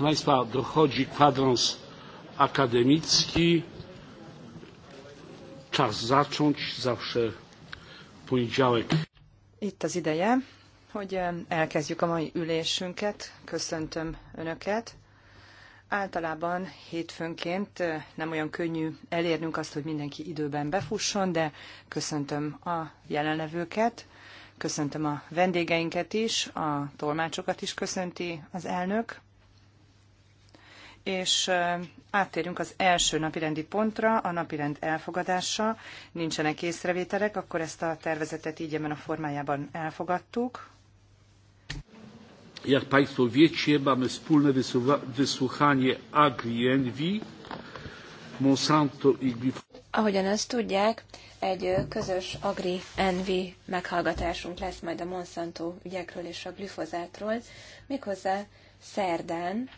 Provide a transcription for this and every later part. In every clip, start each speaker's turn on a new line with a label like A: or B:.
A: Proszę Państwa, dochodzi kwadrans akademicki. Czas zacząć, zawsze poniedziałek.
B: Itt az ideje, hogy elkezdjük a mai ülésünket. Köszöntöm Önöket. Általában hétfőnként nem olyan könnyű elérnünk azt, hogy mindenki időben befusson, de köszöntöm a jelenlevőket. Köszöntöm a vendégeinket is, a tolmácsokat is köszönti az elnök és áttérünk az első napirendi pontra, a napirend elfogadása. Nincsenek észrevételek, akkor ezt a tervezetet így ebben a formájában elfogadtuk.
A: Jak Państwo wiecie, mamy wspólne wysłuchanie Agri Envy, Monsanto i
C: Ahogyan ezt tudják, egy közös Agri Envy meghallgatásunk lesz majd a Monsanto ügyekről és a glifozátról, méghozzá szerdán,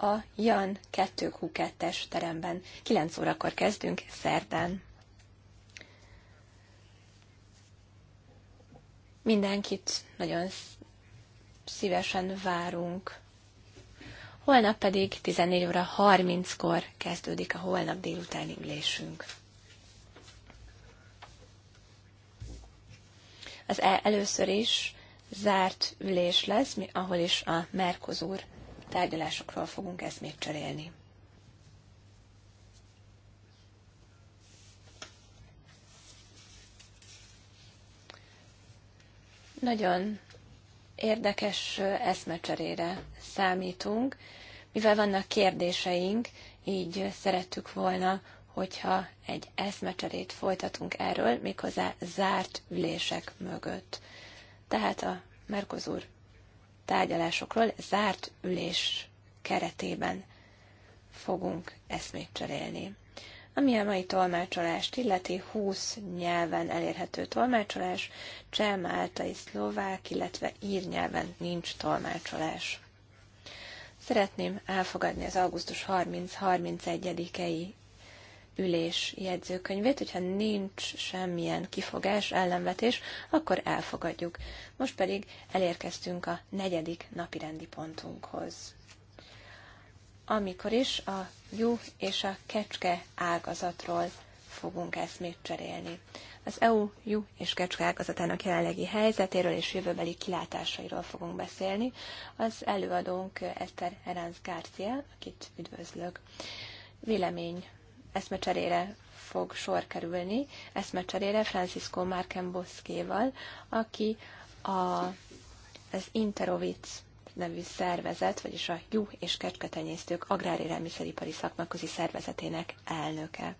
C: a Jan 2Q2-es teremben. 9 órakor kezdünk szerdán. Mindenkit nagyon szívesen várunk. Holnap pedig 14 óra 30-kor kezdődik a holnap délutáni ülésünk. Az e- először is zárt ülés lesz, ahol is a Merkozúr tárgyalásokról fogunk eszmét cserélni. Nagyon érdekes eszmecserére számítunk. Mivel vannak kérdéseink, így szerettük volna, hogyha egy eszmecserét folytatunk erről, méghozzá zárt ülések mögött. Tehát a Merkozúr tárgyalásokról zárt ülés keretében fogunk eszmét cserélni. Ami a mai tolmácsolást illeti, 20 nyelven elérhető tolmácsolás, cseh, máltai, szlovák, illetve ír nyelven nincs tolmácsolás. Szeretném elfogadni az augusztus 30-31-i ülés jegyzőkönyvét, hogyha nincs semmilyen kifogás, ellenvetés, akkor elfogadjuk. Most pedig elérkeztünk a negyedik napirendi pontunkhoz. Amikor is a jó és a kecske ágazatról fogunk eszmét cserélni. Az EU jó és kecske ágazatának jelenlegi helyzetéről és jövőbeli kilátásairól fogunk beszélni. Az előadónk Eszter Erenz Garcia, akit üdvözlök. Vélemény eszmecserére fog sor kerülni, eszmecserére Francisco Márkenboszkéval, aki a, az Interovic nevű szervezet, vagyis a Jú és Kecsketenyésztők Agrárélelmiszeripari Szakmaközi Szervezetének elnöke.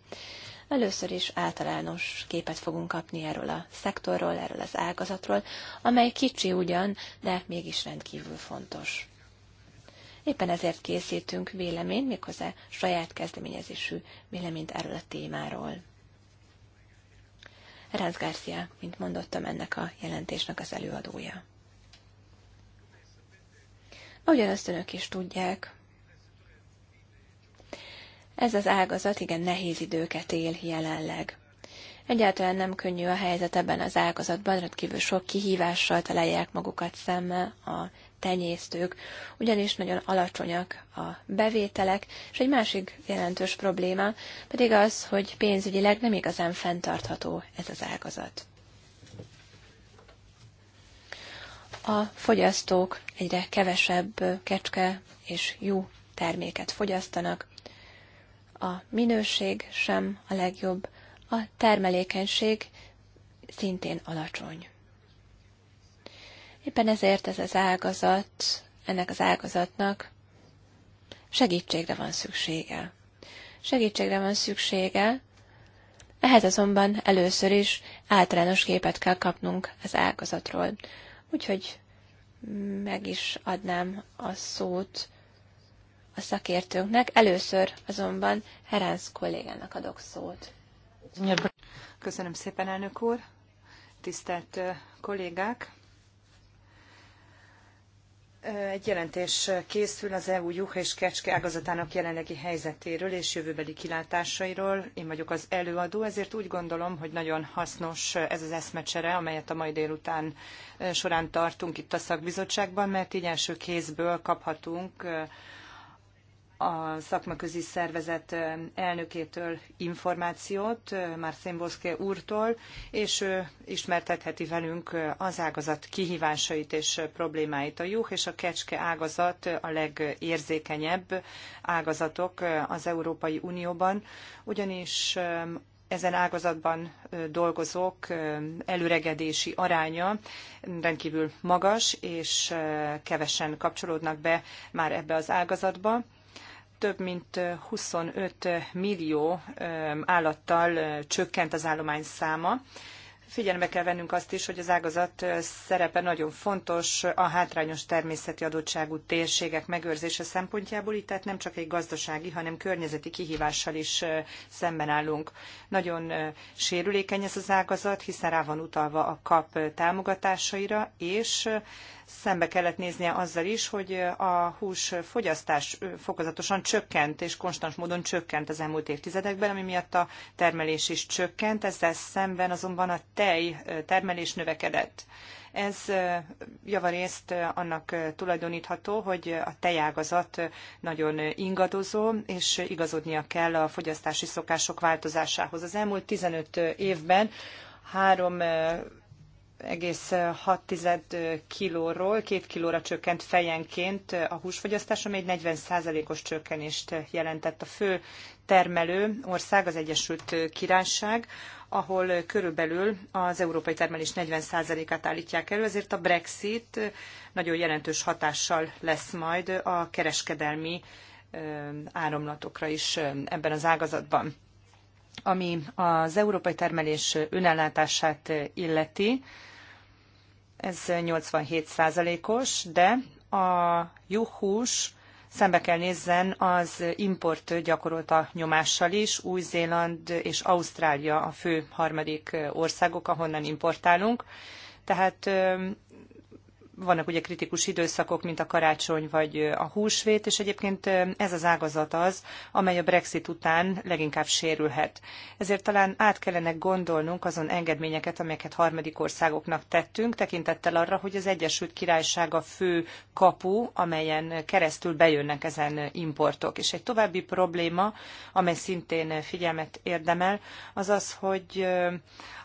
C: Először is általános képet fogunk kapni erről a szektorról, erről az ágazatról, amely kicsi ugyan, de mégis rendkívül fontos. Éppen ezért készítünk véleményt, méghozzá saját kezdeményezésű véleményt erről a témáról. Ránc Garcia, mint mondottam, ennek a jelentésnek az előadója. Ahogyan azt önök is tudják, ez az ágazat igen nehéz időket él jelenleg. Egyáltalán nem könnyű a helyzet ebben az ágazatban, rendkívül sok kihívással találják magukat szemmel a tenyésztők, ugyanis nagyon alacsonyak a bevételek, és egy másik jelentős probléma pedig az, hogy pénzügyileg nem igazán fenntartható ez az ágazat. A fogyasztók egyre kevesebb kecske és jó terméket fogyasztanak, a minőség sem a legjobb, a termelékenység szintén alacsony. Éppen ezért ez az ágazat, ennek az ágazatnak segítségre van szüksége. Segítségre van szüksége, ehhez azonban először is általános képet kell kapnunk az ágazatról. Úgyhogy meg is adnám a szót a szakértőnknek. Először azonban Heránsz kollégának adok szót. Köszönöm szépen,
B: elnök úr! Tisztelt kollégák! Egy jelentés készül az EU juh és kecske ágazatának jelenlegi helyzetéről és jövőbeli kilátásairól. Én vagyok az előadó, ezért úgy gondolom, hogy nagyon hasznos ez az eszmecsere, amelyet a mai délután eh, során tartunk itt a szakbizottságban, mert így első kézből kaphatunk eh, a szakmaközi szervezet elnökétől információt, Marcin Boszke úrtól, és ő ismertetheti velünk az ágazat kihívásait és problémáit. A juh és a kecske ágazat a legérzékenyebb ágazatok az Európai Unióban, ugyanis ezen ágazatban dolgozók előregedési aránya rendkívül magas, és kevesen kapcsolódnak be már ebbe az ágazatba több mint 25 millió állattal csökkent az állomány száma. Figyelembe kell vennünk azt is, hogy az ágazat szerepe nagyon fontos a hátrányos természeti adottságú térségek megőrzése szempontjából, így tehát nem csak egy gazdasági, hanem környezeti kihívással is szemben állunk. Nagyon sérülékeny ez az ágazat, hiszen rá van utalva a kap támogatásaira, és szembe kellett néznie azzal is, hogy a hús fogyasztás fokozatosan csökkent, és konstans módon csökkent az elmúlt évtizedekben, ami miatt a termelés is csökkent, ezzel szemben azonban a tej termelés növekedett. Ez javarészt annak tulajdonítható, hogy a tejágazat nagyon ingadozó, és igazodnia kell a fogyasztási szokások változásához. Az elmúlt 15 évben három 1,6 kilóról 2 kilóra csökkent fejenként a húsfogyasztás, ami egy 40%-os csökkenést jelentett. A fő termelő ország az Egyesült Királyság, ahol körülbelül az európai termelés 40%-át állítják elő, ezért a Brexit nagyon jelentős hatással lesz majd a kereskedelmi áramlatokra is ebben az ágazatban. Ami az európai termelés önellátását illeti, ez 87%-os, de a juhús szembe kell nézzen az import gyakorolta nyomással is. Új-Zéland és Ausztrália a fő harmadik országok, ahonnan importálunk. Tehát vannak ugye kritikus időszakok, mint a karácsony vagy a húsvét, és egyébként ez az ágazat az, amely a Brexit után leginkább sérülhet. Ezért talán át kellene gondolnunk azon engedményeket, amelyeket harmadik országoknak tettünk, tekintettel arra, hogy az Egyesült Királyság a fő kapu, amelyen keresztül bejönnek ezen importok. És egy további probléma, amely szintén figyelmet érdemel, az az, hogy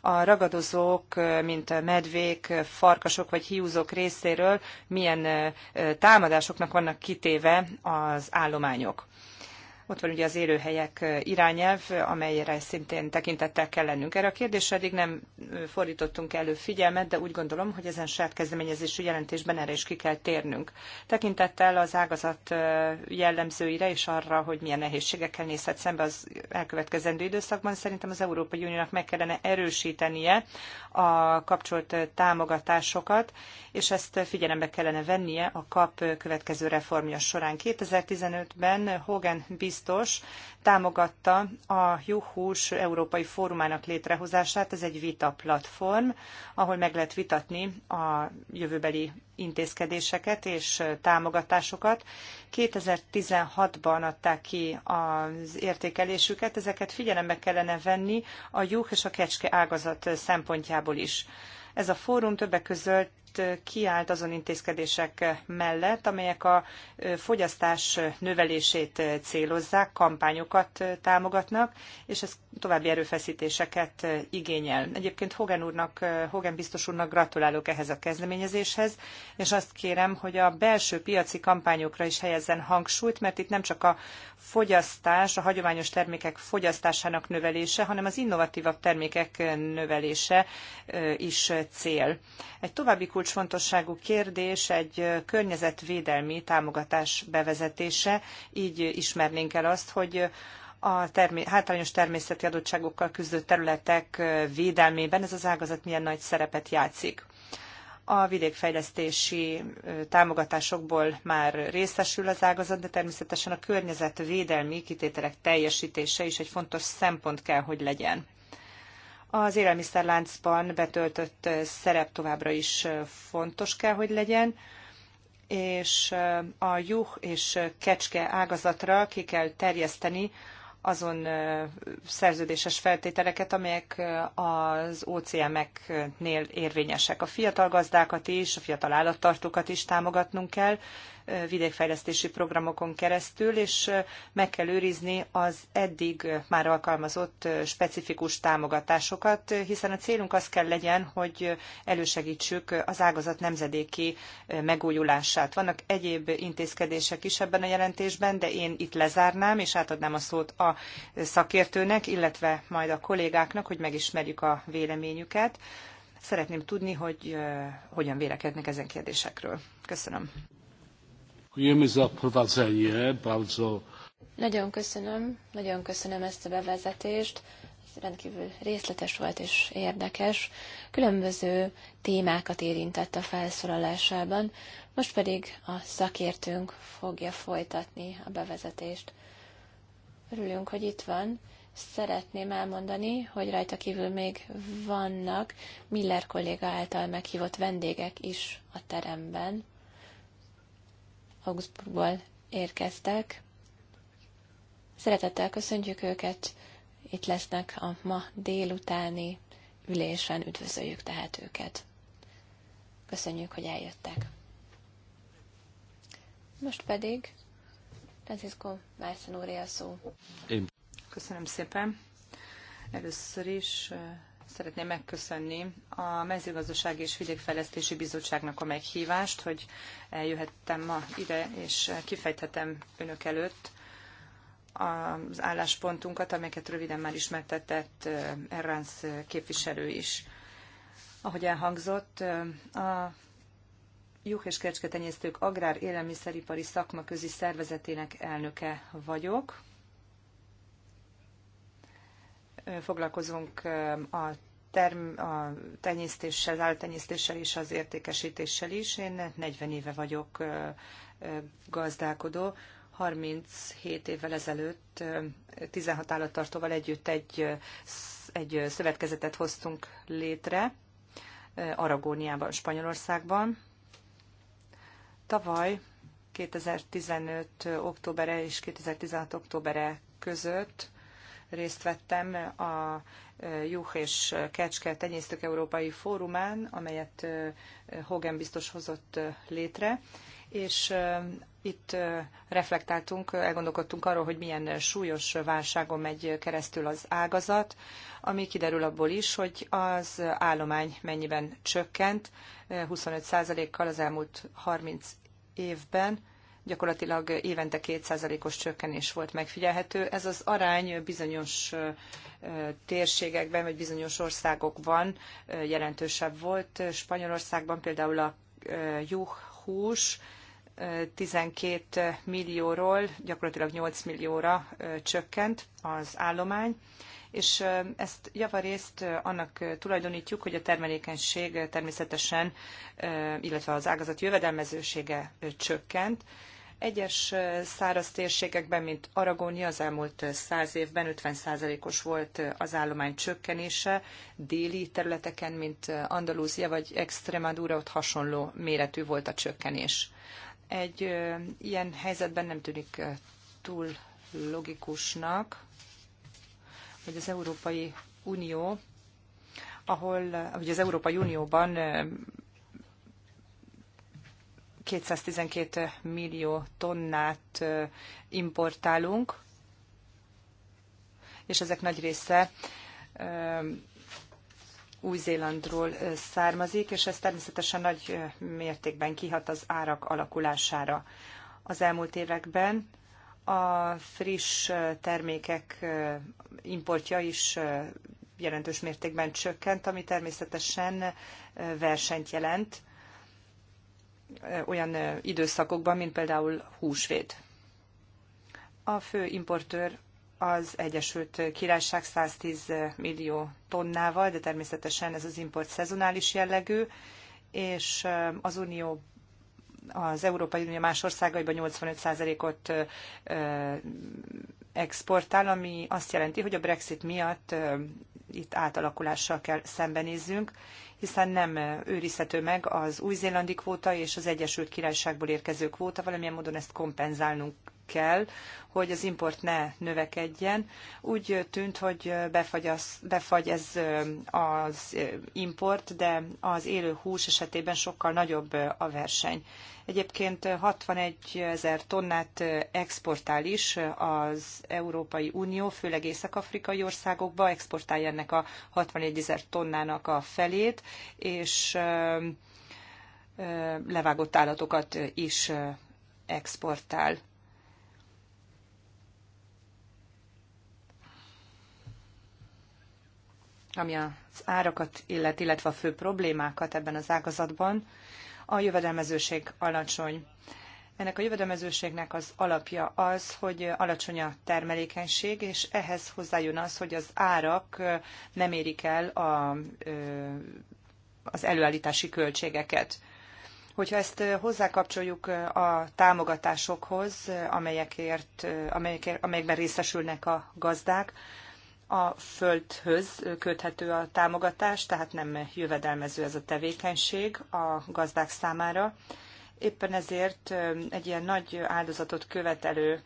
B: a ragadozók, mint medvék, farkasok vagy hiúzók része részéről milyen támadásoknak vannak kitéve az állományok. Ott van ugye az élőhelyek irányelv, amelyre szintén tekintettel kell lennünk. Erre a kérdésre eddig nem fordítottunk elő figyelmet, de úgy gondolom, hogy ezen saját kezdeményezésű jelentésben erre is ki kell térnünk. Tekintettel az ágazat jellemzőire és arra, hogy milyen nehézségekkel nézhet szembe az elkövetkezendő időszakban, szerintem az Európai Uniónak meg kellene erősítenie a kapcsolt támogatásokat, és ezt figyelembe kellene vennie a kap következő reformja során. 2015-ben Hogan biz biztos támogatta a Juhús Európai Fórumának létrehozását. Ez egy vita platform, ahol meg lehet vitatni a jövőbeli intézkedéseket és támogatásokat. 2016-ban adták ki az értékelésüket, ezeket figyelembe kellene venni a juh és a kecske ágazat szempontjából is. Ez a fórum többek között kiállt azon intézkedések mellett, amelyek a fogyasztás növelését célozzák, kampányokat támogatnak, és ez további erőfeszítéseket igényel. Egyébként Hogan, úrnak, Hogan biztos úrnak gratulálok ehhez a kezdeményezéshez, és azt kérem, hogy a belső piaci kampányokra is helyezzen hangsúlyt, mert itt nem csak a fogyasztás, a hagyományos termékek fogyasztásának növelése, hanem az innovatívabb termékek növelése is cél. Egy további kulcsfontosságú kérdés egy környezetvédelmi támogatás bevezetése. Így ismernénk el azt, hogy a termé- hátrányos természeti adottságokkal küzdő területek védelmében ez az ágazat milyen nagy szerepet játszik. A vidékfejlesztési támogatásokból már részesül az ágazat, de természetesen a környezetvédelmi kitételek teljesítése is egy fontos szempont kell, hogy legyen az élelmiszerláncban betöltött szerep továbbra is fontos kell, hogy legyen, és a juh és kecske ágazatra ki kell terjeszteni azon szerződéses feltételeket, amelyek az OCM-eknél érvényesek. A fiatal gazdákat is, a fiatal állattartókat is támogatnunk kell, vidékfejlesztési programokon keresztül, és meg kell őrizni az eddig már alkalmazott specifikus támogatásokat, hiszen a célunk az kell legyen, hogy elősegítsük az ágazat nemzedéki megújulását. Vannak egyéb intézkedések is ebben a jelentésben, de én itt lezárnám, és átadnám a szót a szakértőnek, illetve majd a kollégáknak, hogy megismerjük a véleményüket. Szeretném tudni, hogy hogyan vélekednek ezen kérdésekről. Köszönöm. Nagyon köszönöm,
C: nagyon köszönöm ezt a bevezetést. Ez rendkívül részletes volt és érdekes. Különböző témákat érintett a felszólalásában, most pedig a szakértőnk fogja folytatni a bevezetést. Örülünk, hogy itt van. Szeretném elmondani, hogy rajta kívül még vannak Miller kolléga által meghívott vendégek is a teremben Augsburgból érkeztek. Szeretettel köszöntjük őket, itt lesznek a ma délutáni ülésen, üdvözöljük tehát őket. Köszönjük, hogy eljöttek. Most pedig Francisco Márszan úr a szó.
B: Én. Köszönöm szépen. Először is Szeretném megköszönni a Mezőgazdasági és Vidékfejlesztési Bizottságnak a meghívást, hogy eljöhettem ma ide, és kifejthetem önök előtt az álláspontunkat, amelyeket röviden már ismertetett Erránsz képviselő is. Ahogy elhangzott, a Juh és Kecsketenyésztők Agrár Élelmiszeripari Szakmaközi Szervezetének elnöke vagyok, foglalkozunk a term, a tenyésztéssel, áltenyésztéssel és az értékesítéssel is. Én 40 éve vagyok gazdálkodó. 37 évvel ezelőtt 16 állattartóval együtt egy, egy szövetkezetet hoztunk létre Aragóniában, Spanyolországban. Tavaly 2015. októbere és 2016. októbere között részt vettem a Juh és Kecske Tenyésztők Európai Fórumán, amelyet Hogan biztos hozott létre, és itt reflektáltunk, elgondolkodtunk arról, hogy milyen súlyos válságon megy keresztül az ágazat, ami kiderül abból is, hogy az állomány mennyiben csökkent 25%-kal az elmúlt 30 évben, gyakorlatilag évente 2%-os csökkenés volt megfigyelhető. Ez az arány bizonyos térségekben vagy bizonyos országokban jelentősebb volt. Spanyolországban például a juhús 12 millióról gyakorlatilag 8 millióra csökkent az állomány és ezt javarészt annak tulajdonítjuk, hogy a termelékenység természetesen, illetve az ágazat jövedelmezősége csökkent, egyes száraz térségekben, mint Aragónia az elmúlt száz évben 50%-os volt az állomány csökkenése, déli területeken, mint Andalúzia vagy Extremadura, ott hasonló méretű volt a csökkenés. Egy ilyen helyzetben nem tűnik túl logikusnak, hogy az Európai Unió ahol, hogy az Európai Unióban 212 millió tonnát importálunk, és ezek nagy része új-Zélandról származik, és ez természetesen nagy mértékben kihat az árak alakulására. Az elmúlt években a friss termékek importja is jelentős mértékben csökkent, ami természetesen versenyt jelent olyan időszakokban, mint például húsvét. A fő importőr az Egyesült Királyság 110 millió tonnával, de természetesen ez az import szezonális jellegű, és az Unió az Európai Unió más országaiban 85%-ot exportál, ami azt jelenti, hogy a Brexit miatt itt átalakulással kell szembenézzünk, hiszen nem őrizhető meg az új-zélandi kvóta és az Egyesült Királyságból érkező kvóta, valamilyen módon ezt kompenzálnunk kell, hogy az import ne növekedjen. Úgy tűnt, hogy befagy, az, befagy ez az import, de az élő hús esetében sokkal nagyobb a verseny. Egyébként 61 ezer tonnát exportál is az Európai Unió, főleg észak-afrikai országokba, exportálja ennek a 61 ezer tonnának a felét, és levágott állatokat is exportál. ami az árakat illet, illetve a fő problémákat ebben az ágazatban, a jövedelmezőség alacsony. Ennek a jövedelmezőségnek az alapja az, hogy alacsony a termelékenység, és ehhez hozzájön az, hogy az árak nem érik el a, az előállítási költségeket. Hogyha ezt hozzákapcsoljuk a támogatásokhoz, amelyekért, amelyekért, amelyekben részesülnek a gazdák, a földhöz köthető a támogatás, tehát nem jövedelmező ez a tevékenység a gazdák számára. Éppen ezért egy ilyen nagy áldozatot követelő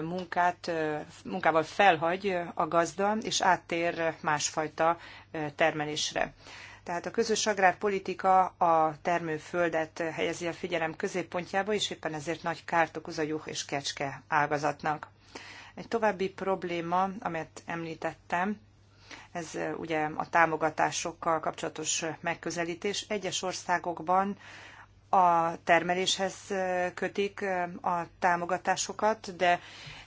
B: munkát, munkával felhagy a gazda, és áttér másfajta termelésre. Tehát a közös agrárpolitika a termőföldet helyezi a figyelem középpontjába, és éppen ezért nagy kárt okoz a juh és kecske ágazatnak. Egy további probléma, amit említettem, ez ugye a támogatásokkal kapcsolatos megközelítés. Egyes országokban a termeléshez kötik a támogatásokat, de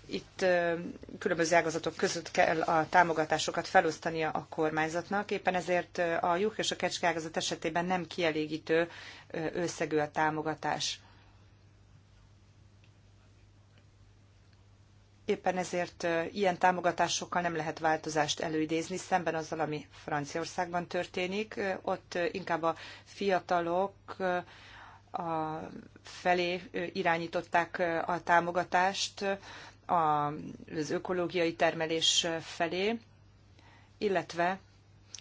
B: itt különböző ágazatok között kell a támogatásokat felosztania a kormányzatnak, éppen ezért a juh és a kecske ágazat esetében nem kielégítő összegű a támogatás. Éppen ezért ilyen támogatásokkal nem lehet változást előidézni, szemben azzal, ami Franciaországban történik. Ott inkább a fiatalok a felé irányították a támogatást az ökológiai termelés felé, illetve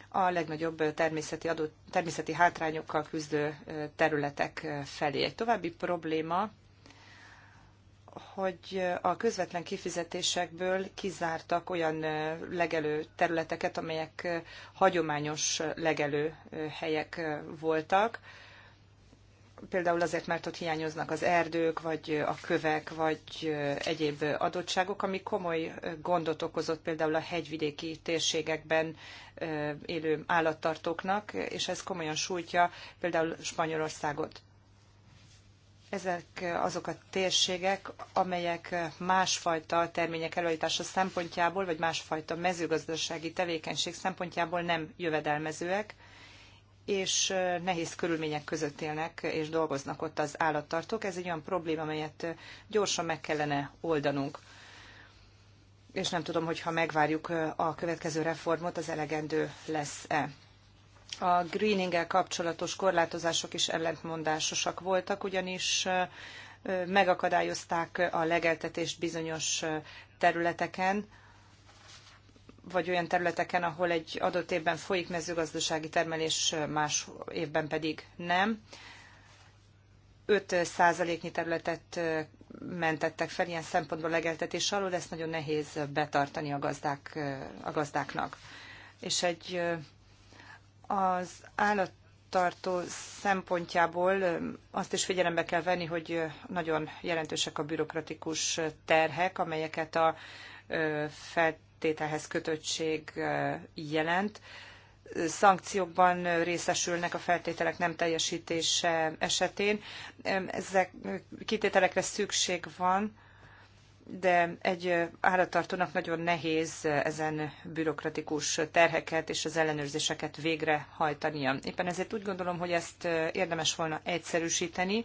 B: a legnagyobb természeti, természeti hátrányokkal küzdő területek felé. Egy további probléma hogy a közvetlen kifizetésekből kizártak olyan legelő területeket, amelyek hagyományos legelő helyek voltak. Például azért, mert ott hiányoznak az erdők, vagy a kövek, vagy egyéb adottságok, ami komoly gondot okozott például a hegyvidéki térségekben élő állattartóknak, és ez komolyan sújtja például Spanyolországot ezek azok a térségek, amelyek másfajta termények előállítása szempontjából, vagy másfajta mezőgazdasági tevékenység szempontjából nem jövedelmezőek, és nehéz körülmények között élnek és dolgoznak ott az állattartók. Ez egy olyan probléma, amelyet gyorsan meg kellene oldanunk. És nem tudom, hogy ha megvárjuk a következő reformot, az elegendő lesz-e a greeninggel kapcsolatos korlátozások is ellentmondásosak voltak, ugyanis megakadályozták a legeltetést bizonyos területeken, vagy olyan területeken, ahol egy adott évben folyik mezőgazdasági termelés, más évben pedig nem. 5 százaléknyi területet mentettek fel ilyen szempontból legeltetés alól, ezt nagyon nehéz betartani a, gazdák, a gazdáknak. És egy az állattartó szempontjából azt is figyelembe kell venni, hogy nagyon jelentősek a bürokratikus terhek, amelyeket a feltételhez kötöttség jelent szankciókban részesülnek a feltételek nem teljesítése esetén. Ezek kitételekre szükség van, de egy állattartónak nagyon nehéz ezen bürokratikus terheket és az ellenőrzéseket végrehajtania. Éppen ezért úgy gondolom, hogy ezt érdemes volna egyszerűsíteni,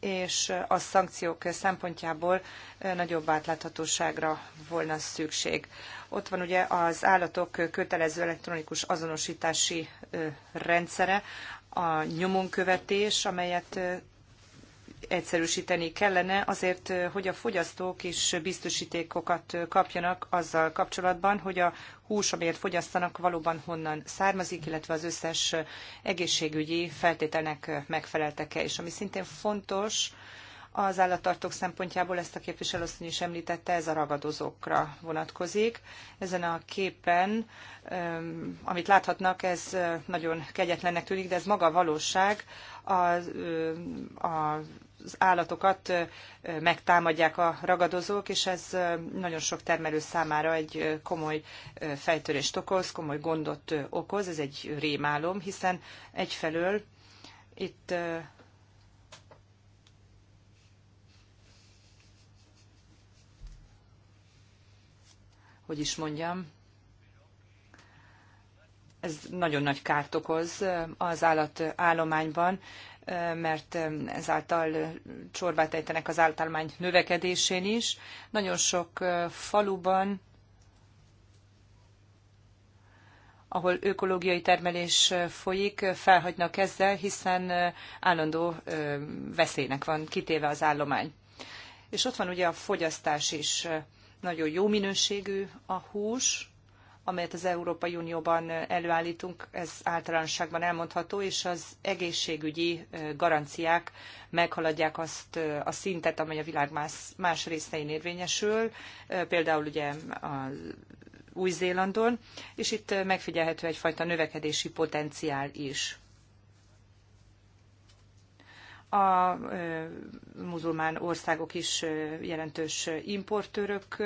B: és a szankciók szempontjából nagyobb átláthatóságra volna szükség. Ott van ugye az állatok kötelező elektronikus azonosítási rendszere, a nyomonkövetés, amelyet egyszerűsíteni kellene azért, hogy a fogyasztók is biztosítékokat kapjanak azzal kapcsolatban, hogy a hús, amelyet fogyasztanak, valóban honnan származik, illetve az összes egészségügyi feltételnek megfeleltek-e. És ami szintén fontos, az állattartók szempontjából ezt a képviselőasszony is említette, ez a ragadozókra vonatkozik. Ezen a képen, amit láthatnak, ez nagyon kegyetlennek tűnik, de ez maga a valóság. A, a az állatokat megtámadják a ragadozók, és ez nagyon sok termelő számára egy komoly fejtörést okoz, komoly gondot okoz, ez egy rémálom, hiszen egyfelől itt hogy is mondjam, ez nagyon nagy kárt okoz az állat állományban, mert ezáltal csorbát ejtenek az általmány növekedésén is. Nagyon sok faluban, ahol ökológiai termelés folyik, felhagynak ezzel, hiszen állandó veszélynek van kitéve az állomány. És ott van ugye a fogyasztás is. Nagyon jó minőségű a hús, amelyet az Európai Unióban előállítunk, ez általánosságban elmondható, és az egészségügyi garanciák meghaladják azt a szintet, amely a világ más, más részein érvényesül, például ugye a Új-Zélandon, és itt megfigyelhető egyfajta növekedési potenciál is a muzulmán országok is jelentős importőrök,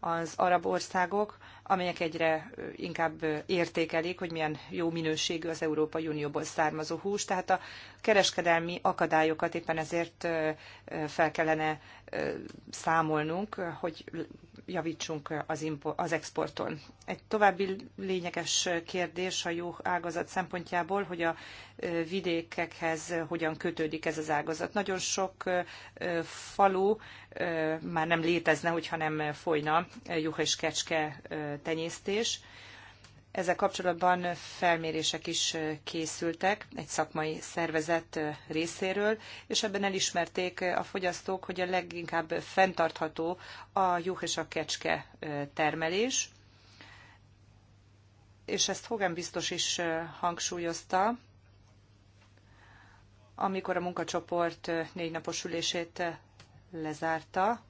B: az arab országok, amelyek egyre inkább értékelik, hogy milyen jó minőségű az Európai Unióból származó hús. Tehát a kereskedelmi akadályokat éppen ezért fel kellene számolnunk, hogy javítsunk az, import, az exporton. Egy további lényeges kérdés a jó ágazat szempontjából, hogy a vidékekhez hogyan kötődik ez az ágazat. Nagyon sok falu már nem létezne, hogyha nem folyna juh és kecske tenyésztés. Ezzel kapcsolatban felmérések is készültek egy szakmai szervezet részéről, és ebben elismerték a fogyasztók, hogy a leginkább fenntartható a juh és a kecske termelés. És ezt Hogan biztos is hangsúlyozta, amikor a munkacsoport négy napos ülését lezárta.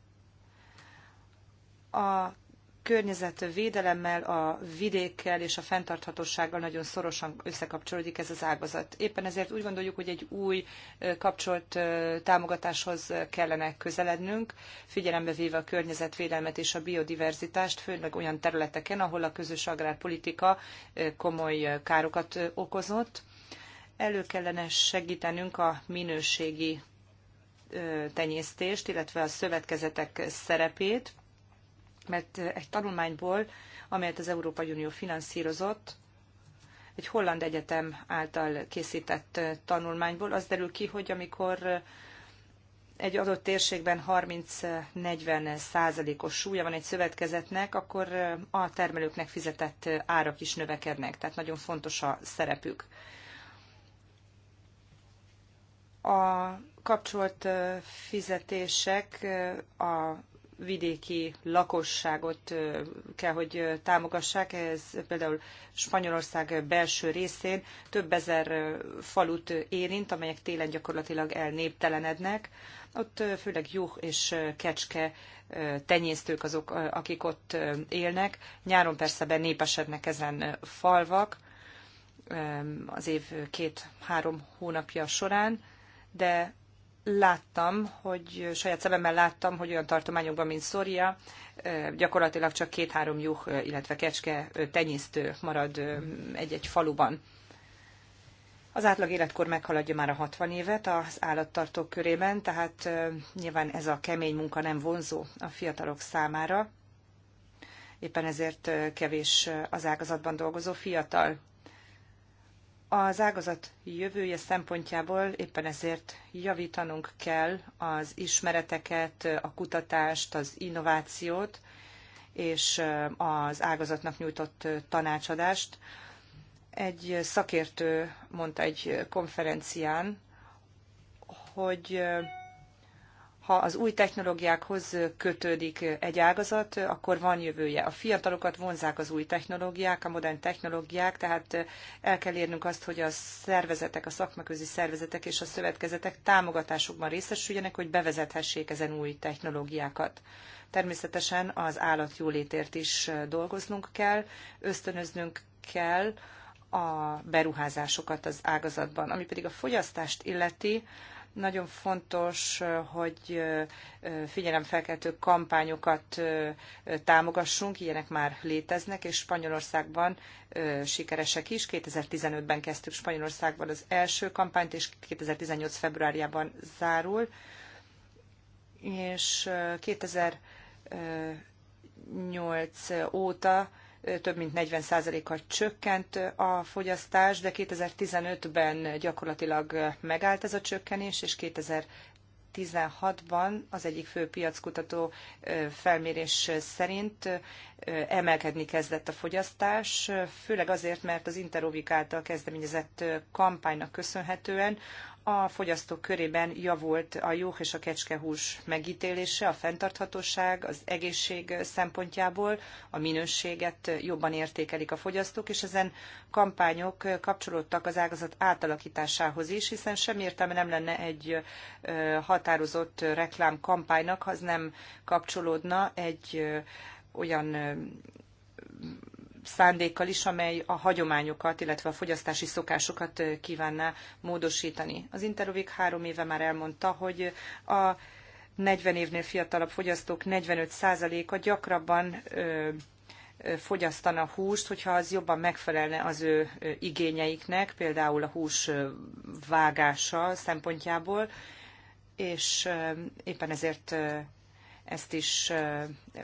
B: A környezetvédelemmel, a vidékkel és a fenntarthatósággal nagyon szorosan összekapcsolódik ez az ágazat. Éppen ezért úgy gondoljuk, hogy egy új kapcsolt támogatáshoz kellene közelednünk, figyelembe véve a környezetvédelmet és a biodiverzitást, főleg olyan területeken, ahol a közös agrárpolitika komoly károkat okozott. Elő kellene segítenünk a minőségi tenyésztést, illetve a szövetkezetek szerepét, mert eh, egy tanulmányból, amelyet az Európai Unió finanszírozott, egy holland egyetem által készített eh, tanulmányból az derül ki, hogy amikor eh, egy adott térségben 30-40 százalékos súlya van egy szövetkezetnek, akkor a termelőknek fizetett árak is növekednek, tehát nagyon fontos a szerepük. A kapcsolt fizetések a vidéki lakosságot kell, hogy támogassák. Ez például Spanyolország belső részén több ezer falut érint, amelyek télen gyakorlatilag elnéptelenednek. Ott főleg juh és kecske tenyésztők azok, akik ott élnek. Nyáron persze benépesednek ezen falvak az év két-három hónapja során, de láttam, hogy saját szememmel láttam, hogy olyan tartományokban, mint Soria, gyakorlatilag csak két-három juh, illetve kecske tenyésztő marad egy-egy faluban. Az átlag életkor meghaladja már a 60 évet az állattartók körében, tehát nyilván ez a kemény munka nem vonzó a fiatalok számára. Éppen ezért kevés az ágazatban dolgozó fiatal. Az ágazat jövője szempontjából éppen ezért javítanunk kell az ismereteket, a kutatást, az innovációt és az ágazatnak nyújtott tanácsadást. Egy szakértő mondta egy konferencián, hogy ha az új technológiákhoz kötődik egy ágazat, akkor van jövője. A fiatalokat vonzák az új technológiák, a modern technológiák, tehát el kell érnünk azt, hogy a szervezetek, a szakmaközi szervezetek és a szövetkezetek támogatásukban részesüljenek, hogy bevezethessék ezen új technológiákat. Természetesen az állatjólétért is dolgoznunk kell, ösztönöznünk kell a beruházásokat az ágazatban. Ami pedig a fogyasztást illeti, nagyon fontos, hogy figyelemfelkeltő kampányokat támogassunk, ilyenek már léteznek, és Spanyolországban sikeresek is. 2015-ben kezdtük Spanyolországban az első kampányt, és 2018. februárjában zárul. És 2008 óta több mint 40%-kal csökkent a fogyasztás, de 2015-ben gyakorlatilag megállt ez a csökkenés, és 2000 2016-ban az egyik fő piackutató felmérés szerint emelkedni kezdett a fogyasztás, főleg azért, mert az Interovik által kezdeményezett kampánynak köszönhetően a fogyasztók körében javult a juh és a kecskehús megítélése, a fenntarthatóság, az egészség szempontjából, a minőséget jobban értékelik a fogyasztók, és ezen kampányok kapcsolódtak az ágazat átalakításához is, hiszen semmi értelme nem lenne egy határozott reklámkampánynak, ha az nem kapcsolódna egy olyan szándékkal is, amely a hagyományokat, illetve a fogyasztási szokásokat kívánná módosítani. Az interovik három éve már elmondta, hogy a 40 évnél fiatalabb fogyasztók 45%-a gyakrabban fogyasztana húst, hogyha az jobban megfelelne az ő igényeiknek, például a hús vágása szempontjából, és éppen ezért ezt is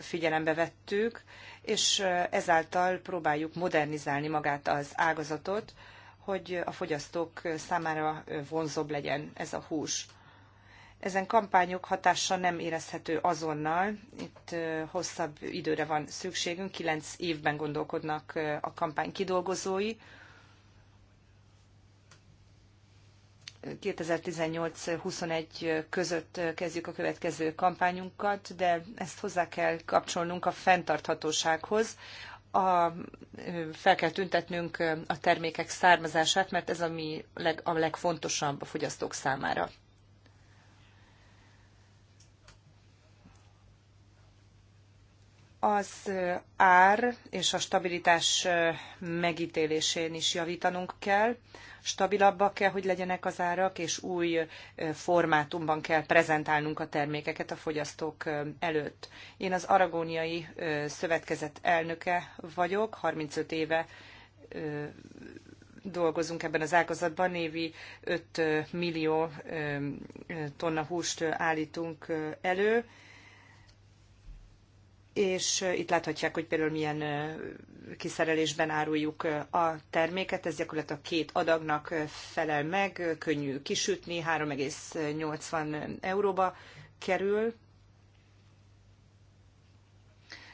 B: figyelembe vettük, és ezáltal próbáljuk modernizálni magát az ágazatot, hogy a fogyasztók számára vonzóbb legyen ez a hús. Ezen kampányok hatása nem érezhető azonnal, itt hosszabb időre van szükségünk, kilenc évben gondolkodnak a kampány kidolgozói, 2018-21 között kezdjük a következő kampányunkat, de ezt hozzá kell kapcsolnunk a fenntarthatósághoz. A, fel kell tüntetnünk a termékek származását, mert ez a, mi leg, a legfontosabb a fogyasztók számára. az ár és a stabilitás megítélésén is javítanunk kell. Stabilabbak kell, hogy legyenek az árak, és új formátumban kell prezentálnunk a termékeket a fogyasztók előtt. Én az Aragóniai Szövetkezet elnöke vagyok, 35 éve dolgozunk ebben az ágazatban, évi 5 millió tonna húst állítunk elő, és itt láthatják, hogy például milyen kiszerelésben áruljuk a terméket. Ez gyakorlatilag két adagnak felel meg, könnyű kisütni, 3,80 euróba kerül.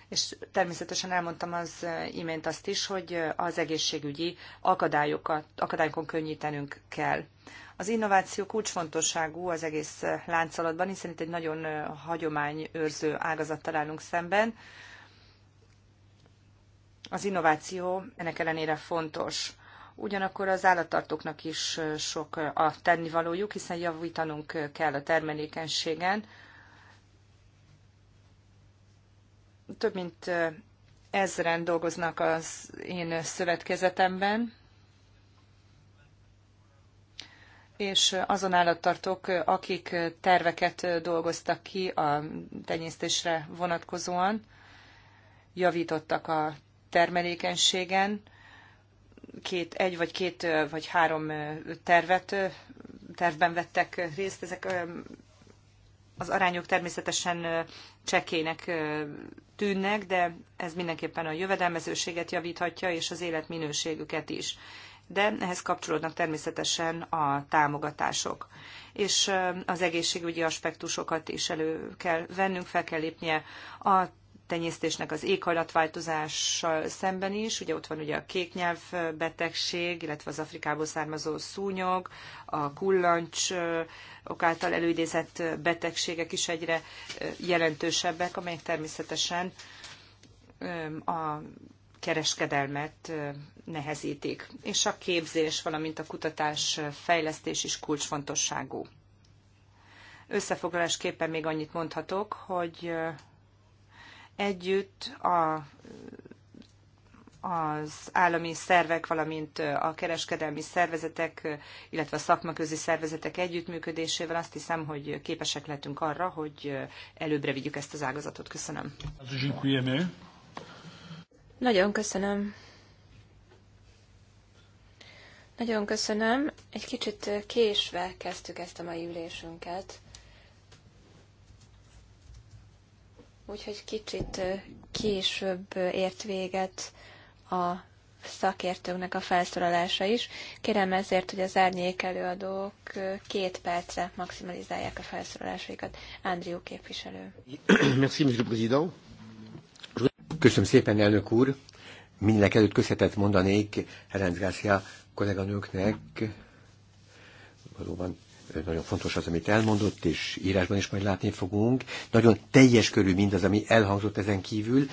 B: És természetesen elmondtam az imént azt is, hogy az egészségügyi akadályokat, akadályokon könnyítenünk kell. Az innováció kulcsfontosságú az egész láncolatban, hiszen itt egy nagyon hagyományőrző ágazattal állunk szemben. Az innováció ennek ellenére fontos. Ugyanakkor az állattartóknak is sok a tennivalójuk, hiszen javítanunk kell a termelékenységen. Több mint ezren dolgoznak az én szövetkezetemben, és azon állattartók, akik terveket dolgoztak ki a tenyésztésre vonatkozóan, javítottak a termelékenységen, két, egy vagy két vagy három tervet, tervben vettek részt. Ezek az arányok természetesen csekének tűnnek, de ez mindenképpen a jövedelmezőséget javíthatja, és az életminőségüket is de ehhez kapcsolódnak természetesen a támogatások. És az egészségügyi aspektusokat is elő kell vennünk, fel kell lépnie a tenyésztésnek az éghajlatváltozással szemben is, ugye ott van ugye a kéknyelv betegség, illetve az Afrikából származó szúnyog, a kullancs ok által előidézett betegségek is egyre jelentősebbek, amelyek természetesen a kereskedelmet nehezítik. És a képzés, valamint a kutatás fejlesztés is kulcsfontosságú. Összefoglalásképpen még annyit mondhatok, hogy együtt a az állami szervek, valamint a kereskedelmi szervezetek, illetve a szakmaközi szervezetek együttműködésével azt hiszem, hogy képesek lettünk arra, hogy előbbre vigyük ezt az ágazatot. Köszönöm.
C: Nagyon köszönöm. Nagyon köszönöm. Egy kicsit késve kezdtük ezt a mai ülésünket. Úgyhogy kicsit később ért véget a szakértőknek a felszólalása is. Kérem ezért, hogy az árnyék előadók két percre maximalizálják a felszólalásaikat. Andrió képviselő.
D: Merci, monsieur le président. Köszönöm szépen, elnök úr. Mindenek előtt köszönetet mondanék Herenc Gászia kolléganőknek. Valóban nagyon fontos az, amit elmondott, és írásban is majd látni fogunk. Nagyon teljes körű mindaz, ami elhangzott ezen kívül,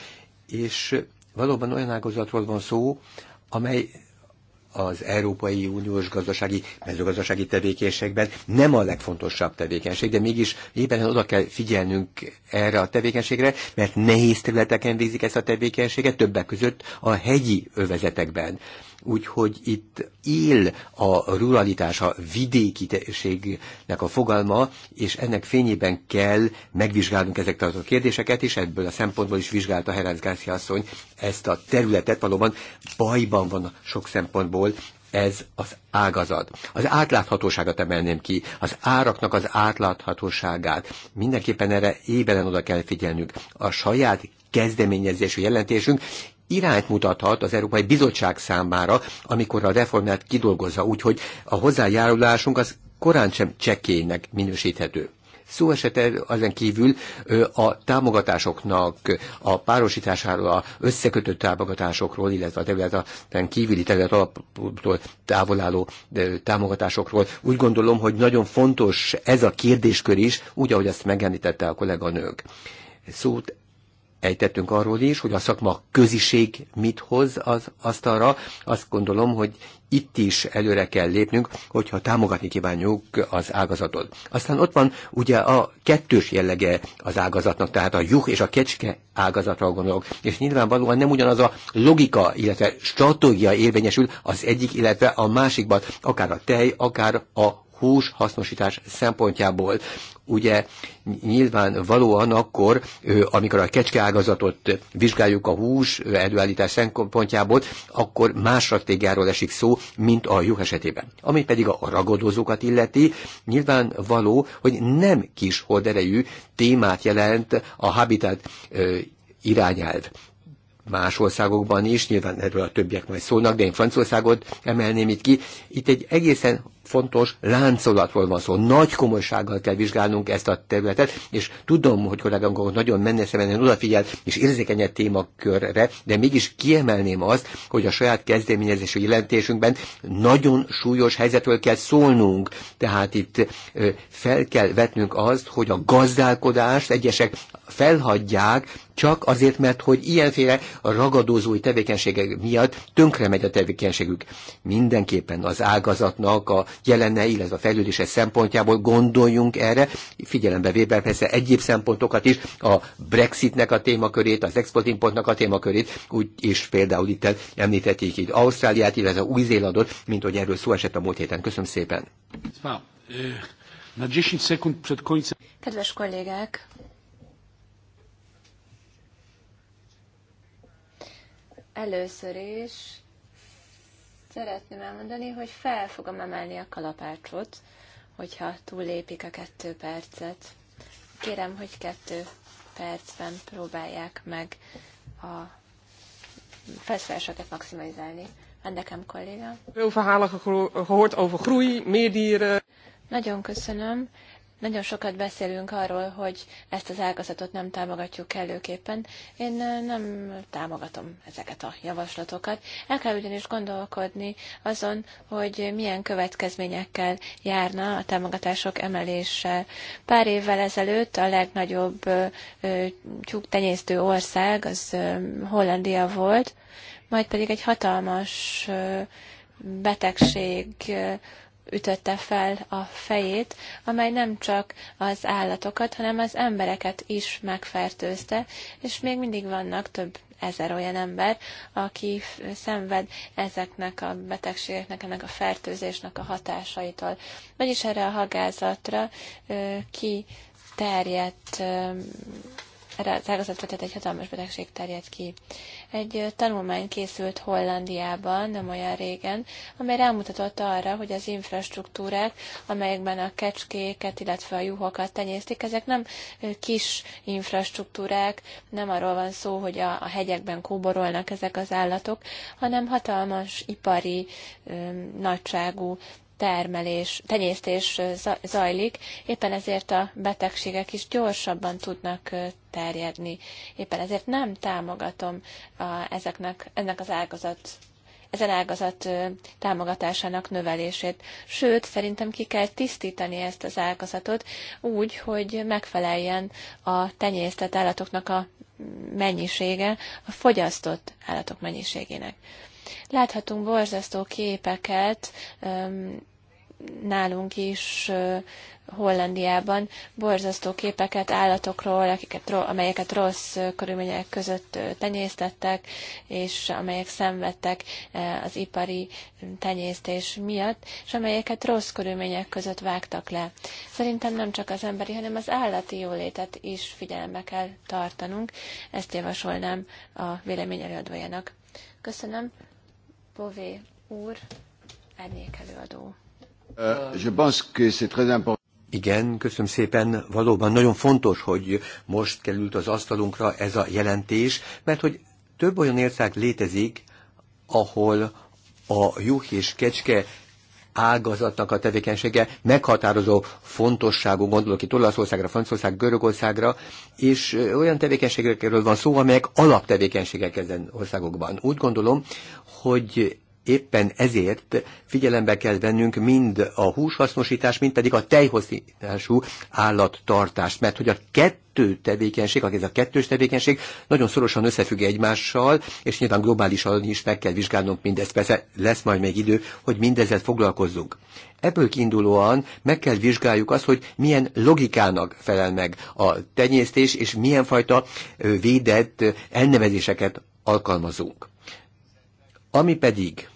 D: és valóban olyan ágazatról van szó, amely az Európai Uniós gazdasági, mezőgazdasági tevékenységben nem a legfontosabb tevékenység, de mégis éppen oda kell figyelnünk erre a tevékenységre, mert nehéz területeken végzik ezt a tevékenységet, többek között a hegyi övezetekben úgyhogy itt él a ruralitás, a vidéki a fogalma, és ennek fényében kell megvizsgálnunk ezeket a kérdéseket, és ebből a szempontból is vizsgálta Herenc Gászi asszony ezt a területet, valóban bajban van sok szempontból ez az ágazat. Az átláthatóságot emelném ki, az áraknak az átláthatóságát. Mindenképpen erre ébelen oda kell figyelnünk. A saját kezdeményezésű jelentésünk irányt mutathat az Európai Bizottság számára, amikor a reformát kidolgozza, úgyhogy a hozzájárulásunk az korán sem csekélynek minősíthető. Szó esett ezen kívül a támogatásoknak, a párosításáról, a összekötött támogatásokról, illetve a területen kívüli terület alaptól távolálló támogatásokról. Úgy gondolom, hogy nagyon fontos ez a kérdéskör is, úgy, ahogy ezt megemlítette a kolléganők. Szót ejtettünk arról is, hogy a szakma köziség mit hoz az asztalra. Azt gondolom, hogy itt is előre kell lépnünk, hogyha támogatni kívánjuk az ágazatot. Aztán ott van ugye a kettős jellege az ágazatnak, tehát a juh és a kecske ágazatra gondolok. És nyilvánvalóan nem ugyanaz a logika, illetve stratégia érvényesül az egyik, illetve a másikban, akár a tej, akár a hús hasznosítás szempontjából. Ugye nyilván valóan akkor, amikor a kecske ágazatot vizsgáljuk a hús előállítás szempontjából, akkor más stratégiáról esik szó, mint a juh esetében. Ami pedig a ragadozókat illeti, nyilván való, hogy nem kis horderejű témát jelent a habitat irányelv más országokban is, nyilván erről a többiek majd szólnak, de én Franciaországot emelném itt ki. Itt egy egészen fontos láncolatról van szó. Nagy komolysággal kell vizsgálnunk ezt a területet, és tudom, hogy kollégánk nagyon menesre menen odafigyel, és érzékeny a témakörre, de mégis kiemelném azt, hogy a saját kezdeményezési jelentésünkben nagyon súlyos helyzetről kell szólnunk. Tehát itt fel kell vetnünk azt, hogy a gazdálkodást egyesek felhagyják, csak azért, mert hogy ilyenféle ragadózói tevékenységek miatt tönkre megy a tevékenységük. Mindenképpen az ágazatnak a Jelenne illetve a fejlődése szempontjából gondoljunk erre, figyelembe véve persze egyéb szempontokat is, a Brexitnek a témakörét, az export-importnak a témakörét, úgy, és például itt említették így Ausztráliát, illetve Új-Zélandot, mint hogy erről szó esett a múlt héten. Köszönöm szépen.
C: Kedves kollégák, először is szeretném elmondani, hogy fel fogom emelni a kalapácsot, hogyha túllépik a kettő percet. Kérem, hogy kettő percben próbálják meg a felszólásokat maximalizálni. Vendekem kolléga.
D: Veel verhalen gehoord over groei, meerdieren.
C: Nagyon köszönöm. Nagyon sokat beszélünk arról, hogy ezt az ágazatot nem támogatjuk kellőképpen. Én nem támogatom ezeket a javaslatokat. El kell ugyanis gondolkodni azon, hogy milyen következményekkel járna a támogatások emelése. Pár évvel ezelőtt a legnagyobb tyúktenyésztő ország az Hollandia volt, majd pedig egy hatalmas betegség ütötte fel a fejét, amely nem csak az állatokat, hanem az embereket is megfertőzte, és még mindig vannak több ezer olyan ember, aki szenved ezeknek a betegségeknek, ennek a fertőzésnek a hatásaitól. Vagyis erre a hagázatra ki terjedt erre az egy hatalmas betegség terjed ki. Egy tanulmány készült Hollandiában nem olyan régen, amely rámutatott arra, hogy az infrastruktúrák, amelyekben a kecskéket, illetve a juhokat tenyésztik, ezek nem kis infrastruktúrák, nem arról van szó, hogy a, a hegyekben kóborolnak ezek az állatok, hanem hatalmas ipari nagyságú termelés, tenyésztés zajlik, éppen ezért a betegségek is gyorsabban tudnak terjedni. Éppen ezért nem támogatom a, ezeknek, ennek az ágazat ezen ágazat támogatásának növelését. Sőt, szerintem ki kell tisztítani ezt az ágazatot úgy, hogy megfeleljen a tenyésztett állatoknak a mennyisége a fogyasztott állatok mennyiségének. Láthatunk borzasztó képeket nálunk is Hollandiában borzasztó képeket állatokról, akiket, amelyeket rossz körülmények között tenyésztettek, és amelyek szenvedtek az ipari tenyésztés miatt, és amelyeket rossz körülmények között vágtak le. Szerintem nem csak az emberi, hanem az állati jólétet is figyelembe kell tartanunk. Ezt javasolnám a vélemény előadójának. Köszönöm, Bové úr, árnyék előadó.
D: Euh, Igen, köszönöm szépen. Valóban nagyon fontos, hogy most került az asztalunkra ez a jelentés, mert hogy több olyan ország létezik, ahol a juh és kecske ágazatnak a tevékenysége meghatározó fontosságú, gondolok itt Olaszországra, Franciaország, Görögországra, és olyan tevékenységekről van szó, amelyek alaptevékenységek ezen országokban. Úgy gondolom, hogy éppen ezért figyelembe kell vennünk mind a húshasznosítás, mind pedig a tejhasznosítású állattartás. mert hogy a kettő tevékenység, ez a kettős tevékenység nagyon szorosan összefügg egymással, és nyilván globálisan is meg kell vizsgálnunk mindezt. Persze lesz majd még idő, hogy mindezzel foglalkozzunk. Ebből kiindulóan meg kell vizsgáljuk azt, hogy milyen logikának felel meg a tenyésztés, és milyen fajta védett elnevezéseket alkalmazunk. Ami pedig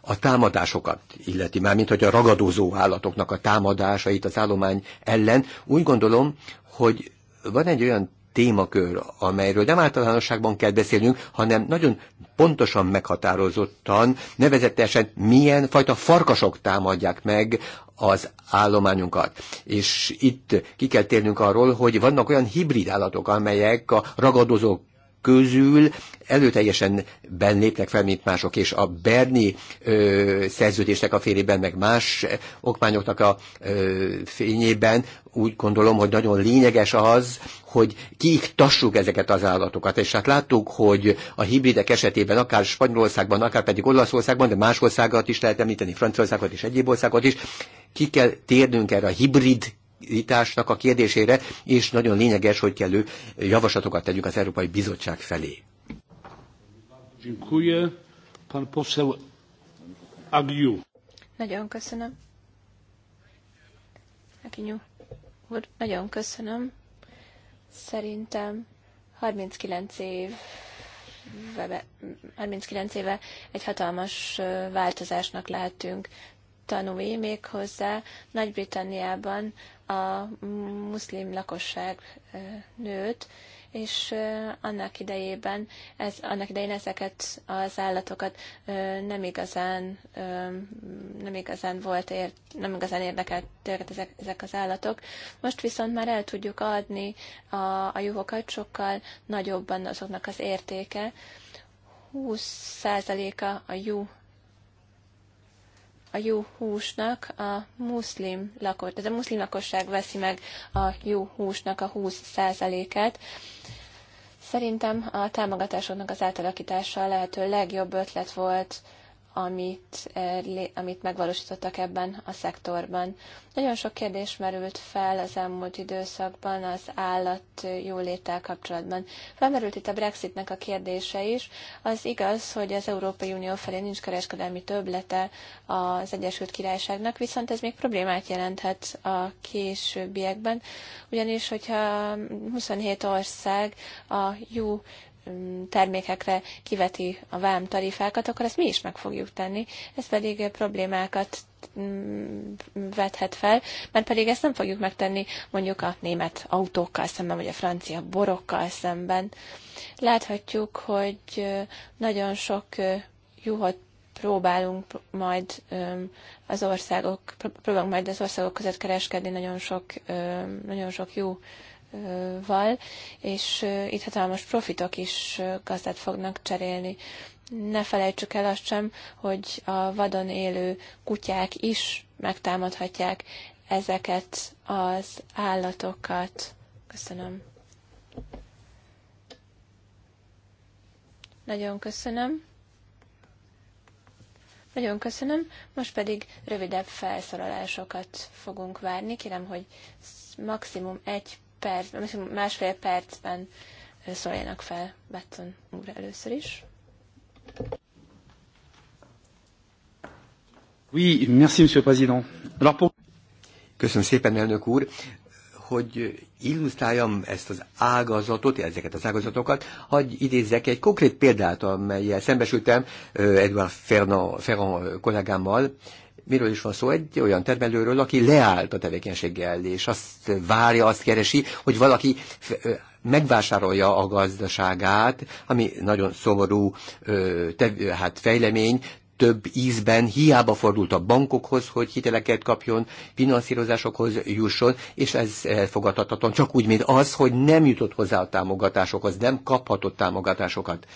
D: a támadásokat illeti, mármint hogy a ragadozó állatoknak a támadásait az állomány ellen, úgy gondolom, hogy van egy olyan témakör, amelyről nem általánosságban kell beszélnünk, hanem nagyon pontosan meghatározottan, nevezetesen milyen fajta farkasok támadják meg az állományunkat. És itt ki kell térnünk arról, hogy vannak olyan hibrid állatok, amelyek a ragadozók közül előteljesen lépnek fel, mint mások, és a Berni ö, szerződésnek a félében, meg más okmányoknak a ö, fényében úgy gondolom, hogy nagyon lényeges az, hogy kiiktassuk ezeket az állatokat. És hát láttuk, hogy a hibridek esetében akár Spanyolországban, akár pedig Olaszországban, de más országokat is lehet említeni, Franciaországot és egyéb országokat is, ki kell térnünk erre a hibrid kialakításnak a kérdésére, és nagyon lényeges, hogy kellő javaslatokat tegyünk az Európai Bizottság felé.
A: Nagyon
C: köszönöm. Akinyú úr, nagyon köszönöm. Szerintem 39 év 39 éve egy hatalmas változásnak lehetünk tanúi, méghozzá Nagy-Britanniában a muszlim lakosság nőtt, és annak idejében, ez, annak idején ezeket az állatokat nem igazán, nem igazán volt ér, nem igazán érdekelt ezek, ezek az állatok. Most viszont már el tudjuk adni a, a juhokat, sokkal nagyobban azoknak az értéke. 20 a, a juh a jó húsnak a muszlim lakos, tehát a muszlim lakosság veszi meg a jó húsnak a 20 et Szerintem a támogatásoknak az átalakítása a lehető legjobb ötlet volt amit, eh, amit megvalósítottak ebben a szektorban. Nagyon sok kérdés merült fel az elmúlt időszakban az állat jóléttel kapcsolatban. Felmerült itt a Brexitnek a kérdése is. Az igaz, hogy az Európai Unió felé nincs kereskedelmi töblete az Egyesült Királyságnak, viszont ez még problémát jelenthet a későbbiekben, ugyanis hogyha 27 ország a jó Mm, termékekre kiveti a vám tarifákat, akkor ezt mi is meg fogjuk tenni. Ez pedig problémákat mm, vethet fel, mert pedig ezt nem fogjuk megtenni mondjuk a német autókkal szemben, vagy a francia borokkal szemben. Láthatjuk, hogy nagyon sok juhot próbálunk majd az országok, próbálunk majd az országok között kereskedni nagyon sok, nagyon sok jó val, és itt hatalmas profitok is gazdát fognak cserélni. Ne felejtsük el azt sem, hogy a vadon élő kutyák is megtámadhatják ezeket az állatokat. Köszönöm. Nagyon köszönöm. Nagyon köszönöm. Most pedig rövidebb felszorolásokat fogunk várni. Kérem, hogy maximum egy perc, másfél percben szóljanak fel Betton úr először is.
D: Oui, merci, monsieur le président. Alors pour... Köszönöm szépen, elnök úr hogy illusztráljam ezt az ágazatot, ezeket az ágazatokat, hagyj idézzek egy konkrét példát, amelyel szembesültem Edouard Ferrand, Ferrand kollégámmal, miről is van szó? Egy olyan termelőről, aki leállt a tevékenységgel, és azt várja, azt keresi, hogy valaki megvásárolja a gazdaságát, ami nagyon szomorú tev, hát fejlemény, több ízben hiába fordult a bankokhoz, hogy hiteleket kapjon, finanszírozásokhoz jusson, és ez elfogadhatatlan, csak úgy, mint az, hogy nem jutott hozzá a támogatásokhoz, nem kaphatott támogatásokat.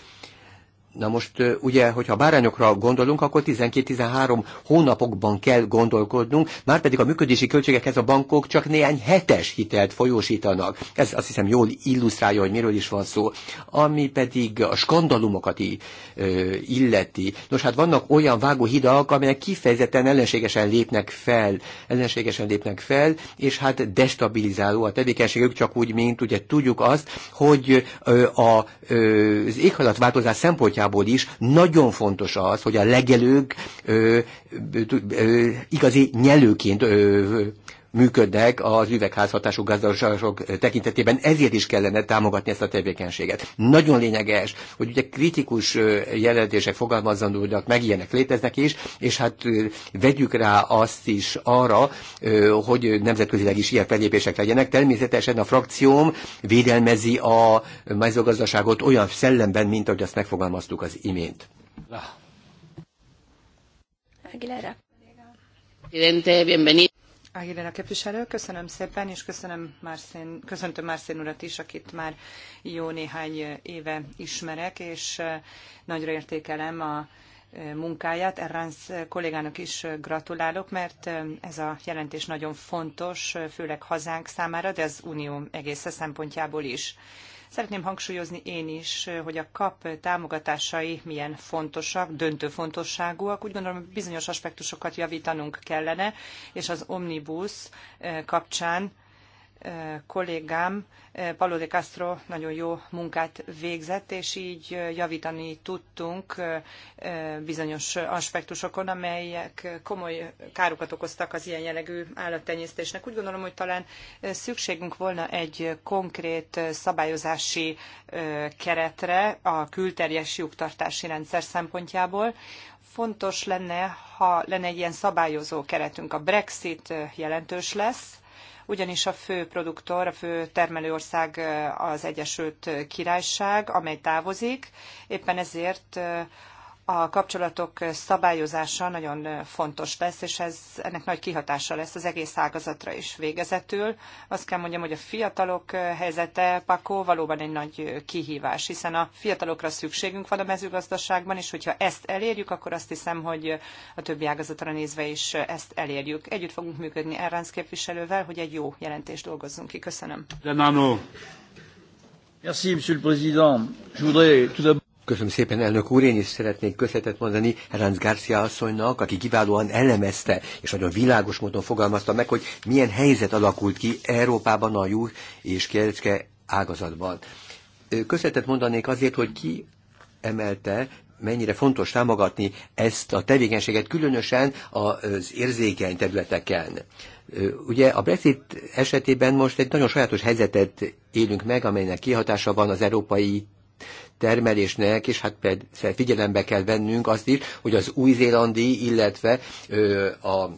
D: Na most ugye, hogyha bárányokra gondolunk, akkor 12-13 hónapokban kell gondolkodnunk, már pedig a működési költségekhez a bankok csak néhány hetes hitelt folyósítanak. Ez azt hiszem jól illusztrálja, hogy miről is van szó. Ami pedig a skandalumokat illeti. Nos, hát vannak olyan hidak, amelyek kifejezetten ellenségesen lépnek fel, ellenségesen lépnek fel, és hát destabilizáló a tevékenységük, csak úgy, mint ugye tudjuk azt, hogy a, az éghajlatváltozás szempontjából szempontjából is nagyon fontos az, hogy a legelők ö, ö, ö, igazi nyelőként ö, ö, működnek az üvegházhatású gazdaságok tekintetében, ezért is kellene támogatni ezt a tevékenységet. Nagyon lényeges, hogy ugye kritikus jelentések fogalmazandónak, meg ilyenek léteznek is, és hát vegyük rá azt is arra, hogy nemzetközileg is ilyen felépések legyenek. Természetesen a frakcióm védelmezi a mezőgazdaságot olyan szellemben, mint ahogy azt megfogalmaztuk az imént. Aguilera. Presidente, bienvenido.
B: Aguilera képviselő, köszönöm szépen, és köszönöm Márszén, köszöntöm Márszén urat is, akit már jó néhány éve ismerek, és nagyra értékelem a munkáját. Erránsz kollégának is gratulálok, mert ez a jelentés nagyon fontos, főleg hazánk számára, de az Unió egész szempontjából is. Szeretném hangsúlyozni én is, hogy a kap támogatásai milyen fontosak, döntő fontosságúak. Úgy gondolom, bizonyos aspektusokat javítanunk kellene, és az omnibus eh, kapcsán kollégám Paulo de Castro nagyon jó munkát végzett, és így javítani tudtunk bizonyos aspektusokon, amelyek komoly károkat okoztak az ilyen jellegű állattenyésztésnek. Úgy gondolom, hogy talán szükségünk volna egy konkrét szabályozási keretre a külterjes lyuktartási rendszer szempontjából, fontos lenne, ha lenne egy ilyen szabályozó keretünk. A Brexit jelentős lesz, ugyanis a fő produktor, a fő termelőország eh, az Egyesült Királyság, amely távozik, éppen ezért eh, a kapcsolatok szabályozása nagyon fontos lesz, és ez, ennek nagy kihatása lesz az egész ágazatra is végezetül. Azt kell mondjam, hogy a fiatalok helyzete, Pakó, valóban egy nagy kihívás, hiszen a fiatalokra szükségünk van a mezőgazdaságban, és hogyha ezt elérjük, akkor azt hiszem, hogy a többi ágazatra nézve is ezt elérjük. Együtt fogunk működni Erránc képviselővel, hogy egy jó jelentést dolgozzunk ki. Köszönöm.
D: Merci, Monsieur le Président. Je voudrais tout d'abord Köszönöm szépen, elnök úr. Én is szeretnék köszönetet mondani Herenc Garcia asszonynak, aki kiválóan elemezte, és nagyon világos módon fogalmazta meg, hogy milyen helyzet alakult ki Európában a juh és kércske ágazatban. Köszönetet mondanék azért, hogy ki emelte mennyire fontos támogatni ezt a tevékenységet, különösen az érzékeny területeken. Ugye a Brexit esetében most egy nagyon sajátos helyzetet élünk meg, amelynek kihatása van az európai termelésnek, és hát persze figyelembe kell vennünk azt is, hogy az új-zélandi, illetve ö, a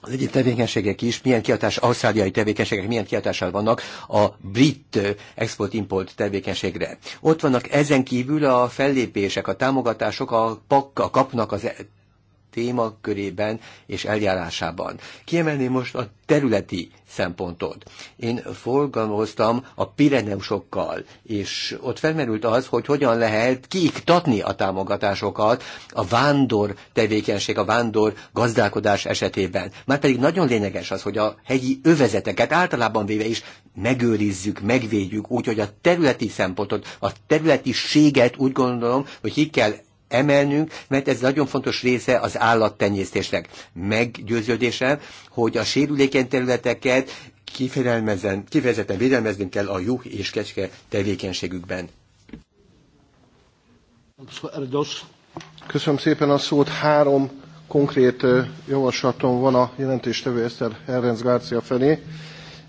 D: az egyéb tevékenységek is, milyen kiadás, ausztráliai tevékenységek milyen kiadással vannak a brit export-import tevékenységre. Ott vannak ezen kívül a fellépések, a támogatások, a, a kapnak az témakörében és eljárásában. Kiemelném most a területi szempontot. Én forgalmoztam a Pireneusokkal, és ott felmerült az, hogy hogyan lehet kiiktatni a támogatásokat a vándor tevékenység, a vándor gazdálkodás esetében. Márpedig nagyon lényeges az, hogy a hegyi övezeteket általában véve is megőrizzük, megvédjük, úgy, hogy a területi szempontot, a területiséget úgy gondolom, hogy ki kell emelnünk, mert ez nagyon fontos része az állattenyésztésnek. Meggyőződésem, hogy a sérülékeny területeket kifejezetten védelmeznünk kell a juh és kecske tevékenységükben.
E: Köszönöm szépen a szót. Három konkrét javaslatom van a jelentéstevő Eszter Herrenz Garcia felé.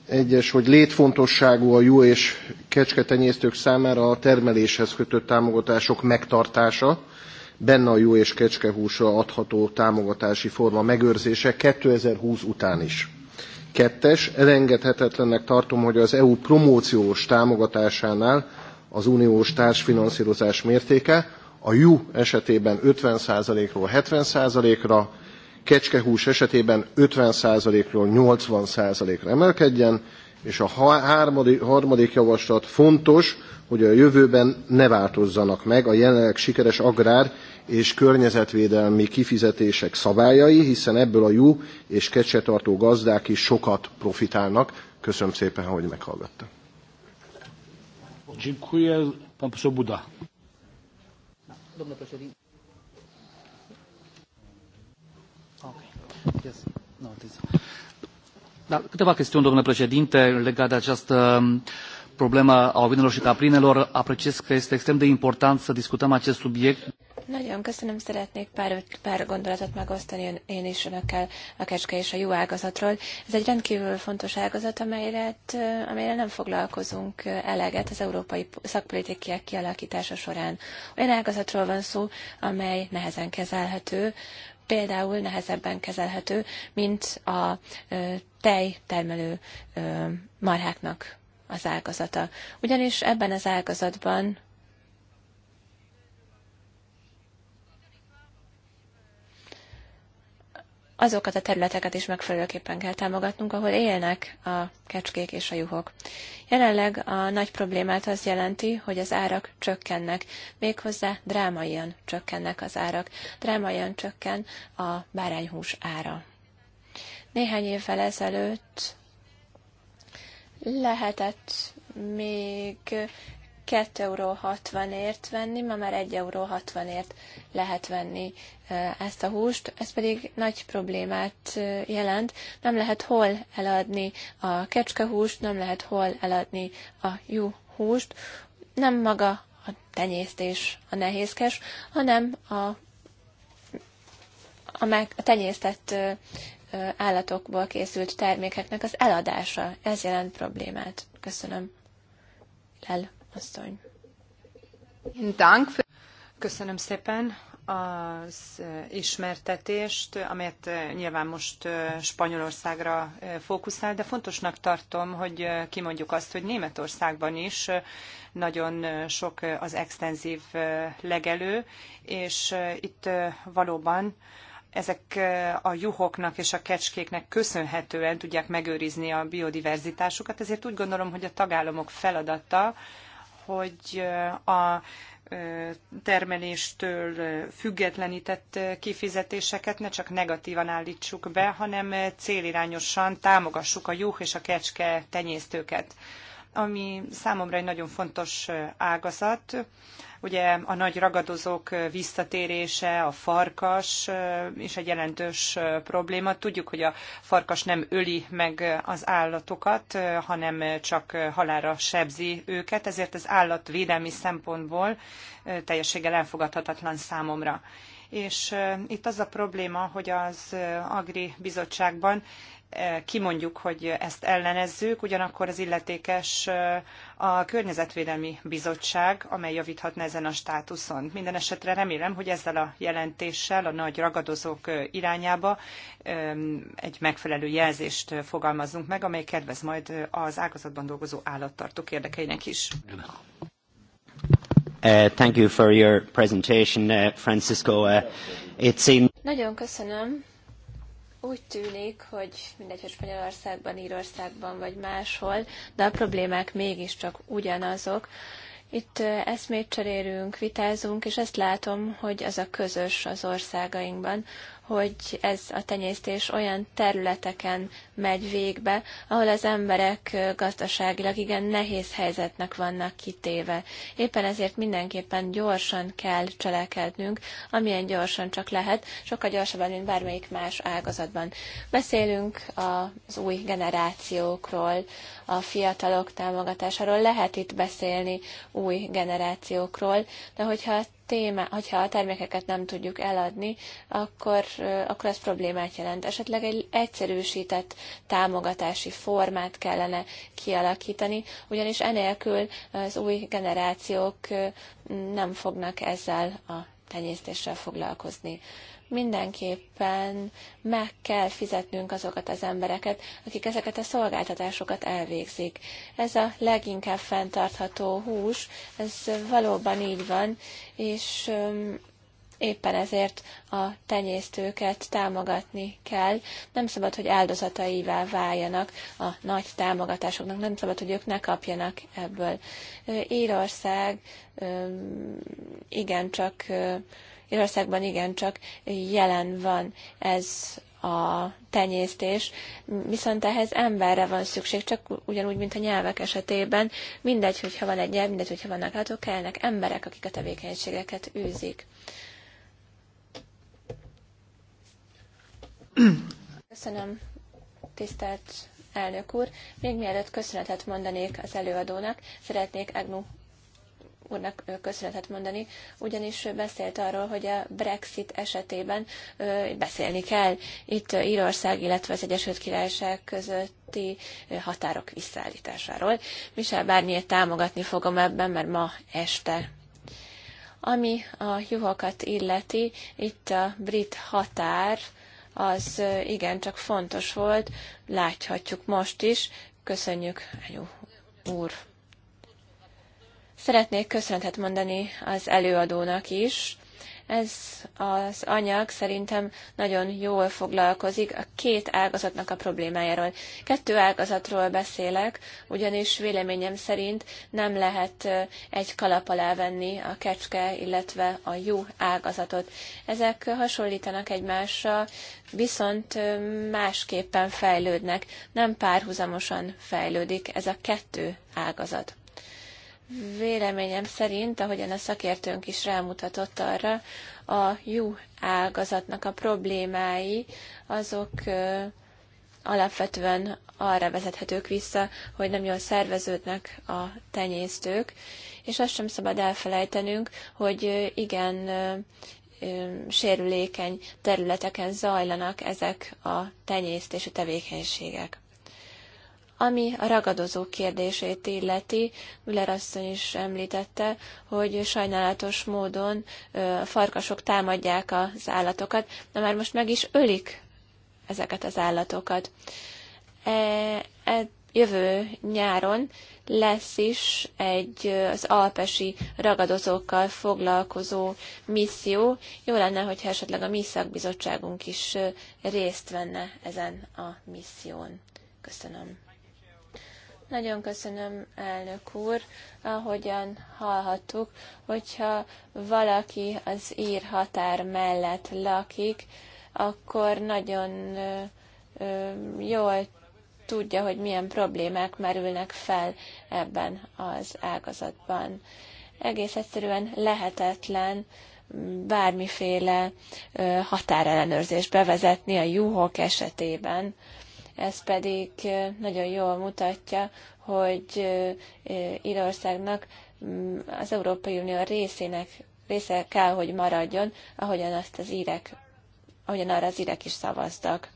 E: Egyes, hogy létfontosságú a jó és kecsketenyésztők számára a termeléshez kötött támogatások megtartása benne a jó és kecskehúsra adható támogatási forma megőrzése 2020 után is. Kettes, elengedhetetlennek tartom, hogy az EU promóciós támogatásánál az uniós társfinanszírozás mértéke a jó esetében 50%-ról 70%-ra, kecskehús esetében 50%-ról 80%-ra emelkedjen, és a harmadik javaslat fontos, hogy a jövőben ne változzanak meg a jelenleg sikeres agrár és környezetvédelmi kifizetések szabályai, hiszen ebből a jó és kecsetartó gazdák is sokat profitálnak. Köszönöm szépen, hogy meghallgattam.
A: Dziękuję câteva chestiuni, domnule președinte, legate de această um, problemă a ovinelor și caprinelor. Apreciez că este extrem de important să discutăm acest subiect.
C: Nagyon köszönöm, szeretnék pár, pár gondolatot megosztani én is önökkel a kecske és a jó ágazatról. Ez egy rendkívül fontos ágazat, amelyet, hát, amelyre nem foglalkozunk eleget az európai szakpolitikák kialakítása során. Olyan ágazatról van szó, amely nehezen kezelhető, például nehezebben kezelhető, mint a tejtermelő marháknak az ágazata. Ugyanis ebben az ágazatban azokat a területeket is megfelelőképpen kell támogatnunk, ahol élnek a kecskék és a juhok. Jelenleg a nagy problémát az jelenti, hogy az árak csökkennek, méghozzá drámaian csökkennek az árak, drámaian csökken a bárányhús ára. Néhány évvel ezelőtt lehetett még 2,60 euró ért venni, ma már 1,60 euró ért lehet venni ezt a húst, ez pedig nagy problémát jelent. Nem lehet hol eladni a kecskehúst, nem lehet hol eladni a jó húst. Nem maga a tenyésztés a nehézkes, hanem a, a, meg, a tenyésztett állatokból készült termékeknek az eladása. Ez jelent problémát. Köszönöm.
B: Lel asszony. Köszönöm szépen az ismertetést, amelyet nyilván most Spanyolországra fókuszál, de fontosnak tartom, hogy kimondjuk azt, hogy Németországban is nagyon sok az extenzív legelő, és itt valóban ezek a juhoknak és a kecskéknek köszönhetően tudják megőrizni a biodiverzitásukat, ezért úgy gondolom, hogy a tagállamok feladata, hogy a termeléstől függetlenített kifizetéseket ne csak negatívan állítsuk be, hanem célirányosan támogassuk a juh és a kecske tenyésztőket ami számomra egy nagyon fontos ágazat. Ugye a nagy ragadozók visszatérése, a farkas is egy jelentős probléma. Tudjuk, hogy a farkas nem öli meg az állatokat, hanem csak halára sebzi őket, ezért az állatvédelmi szempontból teljességgel elfogadhatatlan számomra és itt az a probléma, hogy az Agri Bizottságban kimondjuk, hogy ezt ellenezzük, ugyanakkor az illetékes a Környezetvédelmi Bizottság, amely javíthatna ezen a státuszon. Minden esetre remélem, hogy ezzel a jelentéssel a nagy ragadozók irányába egy megfelelő jelzést fogalmazunk meg, amely kedvez majd az ágazatban dolgozó állattartók érdekeinek is. Uh, thank you for your presentation, uh, Francisco. Uh, it's
C: Nagyon köszönöm úgy tűnik, hogy mindegy, hogy Spanyolországban, Írországban vagy máshol, de a problémák mégiscsak ugyanazok. Itt eszmét cserélünk, vitázunk, és ezt látom, hogy az a közös az országainkban, hogy ez a tenyésztés olyan területeken megy végbe, ahol az emberek gazdaságilag igen nehéz helyzetnek vannak kitéve. Éppen ezért mindenképpen gyorsan kell cselekednünk, amilyen gyorsan csak lehet, sokkal gyorsabban, mint bármelyik más ágazatban. Beszélünk az új generációkról, a fiatalok támogatásáról, lehet itt beszélni új generációkról, de hogyha téma, hogyha a termékeket nem tudjuk eladni, akkor, akkor ez problémát jelent. Esetleg egy egyszerűsített támogatási formát kellene kialakítani, ugyanis enélkül az új generációk nem fognak ezzel a tenyésztéssel foglalkozni mindenképpen meg kell fizetnünk azokat az embereket, akik ezeket a szolgáltatásokat elvégzik. Ez a leginkább fenntartható hús, ez valóban így van, és Éppen ezért a tenyésztőket támogatni kell. Nem szabad, hogy áldozataivá váljanak a nagy támogatásoknak, nem szabad, hogy ők ne kapjanak ebből. Írország igencsak, Írországban igencsak jelen van ez a tenyésztés, viszont ehhez emberre van szükség, csak ugyanúgy, mint a nyelvek esetében. Mindegy, hogyha van egy nyelv, mindegy, hogyha vannak látók, kellnek emberek, akik a tevékenységeket űzik. Köszönöm, tisztelt elnök úr. Még mielőtt köszönetet mondanék az előadónak, szeretnék Agnu úrnak köszönetet mondani, ugyanis ő beszélt arról, hogy a Brexit esetében beszélni kell itt Írország, illetve az Egyesült Királyság közötti határok visszaállításáról. Michel Barnier támogatni fogom ebben, mert ma este ami a juhokat illeti, itt a brit határ az igen csak fontos volt, láthatjuk most is. Köszönjük, jó úr! Szeretnék köszönetet mondani az előadónak is, ez az anyag szerintem nagyon jól foglalkozik a két ágazatnak a problémájáról. Kettő ágazatról beszélek, ugyanis véleményem szerint nem lehet egy kalap alá venni a kecske, illetve a jó ágazatot. Ezek hasonlítanak egymásra, viszont másképpen fejlődnek, nem párhuzamosan fejlődik ez a kettő ágazat. Véleményem szerint, ahogyan a szakértőnk is rámutatott arra, a jó ágazatnak a problémái azok alapvetően arra vezethetők vissza, hogy nem jól szerveződnek a tenyésztők, és azt sem szabad elfelejtenünk, hogy igen, sérülékeny területeken zajlanak ezek a tenyésztési tevékenységek. Ami a ragadozó kérdését illeti, Müller asszony is említette, hogy sajnálatos módon a farkasok támadják az állatokat, de már most meg is ölik ezeket az állatokat. E, e, jövő nyáron lesz is egy az alpesi ragadozókkal foglalkozó misszió. Jó lenne, hogyha esetleg a mi szakbizottságunk is részt venne ezen a misszión. Köszönöm. Nagyon köszönöm, elnök úr, ahogyan hallhattuk, hogyha valaki az ír határ mellett lakik, akkor nagyon ö, ö, jól tudja, hogy milyen problémák merülnek fel ebben az ágazatban. Egész egyszerűen lehetetlen bármiféle határellenőrzést bevezetni a juhok esetében ez pedig nagyon jól mutatja, hogy Írországnak mm, az Európai Unió részének része kell, hogy maradjon, ahogyan azt az írek, ahogyan arra az írek is szavaztak.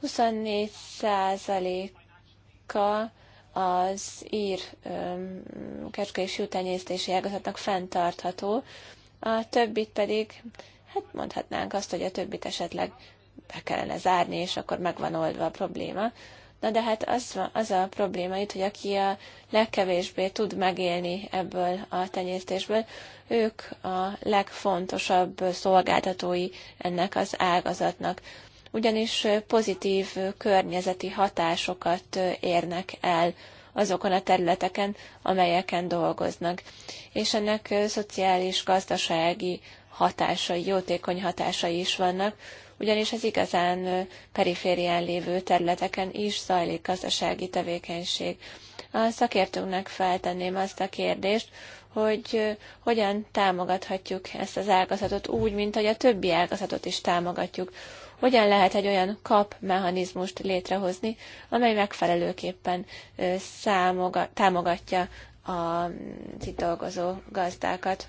C: 24 százaléka az ír kecske és jutányésztési ágazatnak fenntartható, a többit pedig, hát mondhatnánk azt, hogy a többit esetleg be kellene zárni, és akkor meg van oldva a probléma. Na de hát az, az a probléma itt, hogy aki a legkevésbé tud megélni ebből a tenyésztésből, ők a legfontosabb szolgáltatói ennek az ágazatnak. Ugyanis pozitív környezeti hatásokat érnek el azokon a területeken, amelyeken dolgoznak. És ennek szociális, gazdasági hatásai, jótékony hatásai is vannak, ugyanis az igazán periférián lévő területeken is zajlik gazdasági tevékenység. A szakértőnknek feltenném azt a kérdést, hogy hogyan támogathatjuk ezt az ágazatot úgy, mint hogy a többi ágazatot is támogatjuk. Hogyan lehet egy olyan kap mechanizmust létrehozni, amely megfelelőképpen számoga, támogatja a
B: mm, itt dolgozó gazdákat.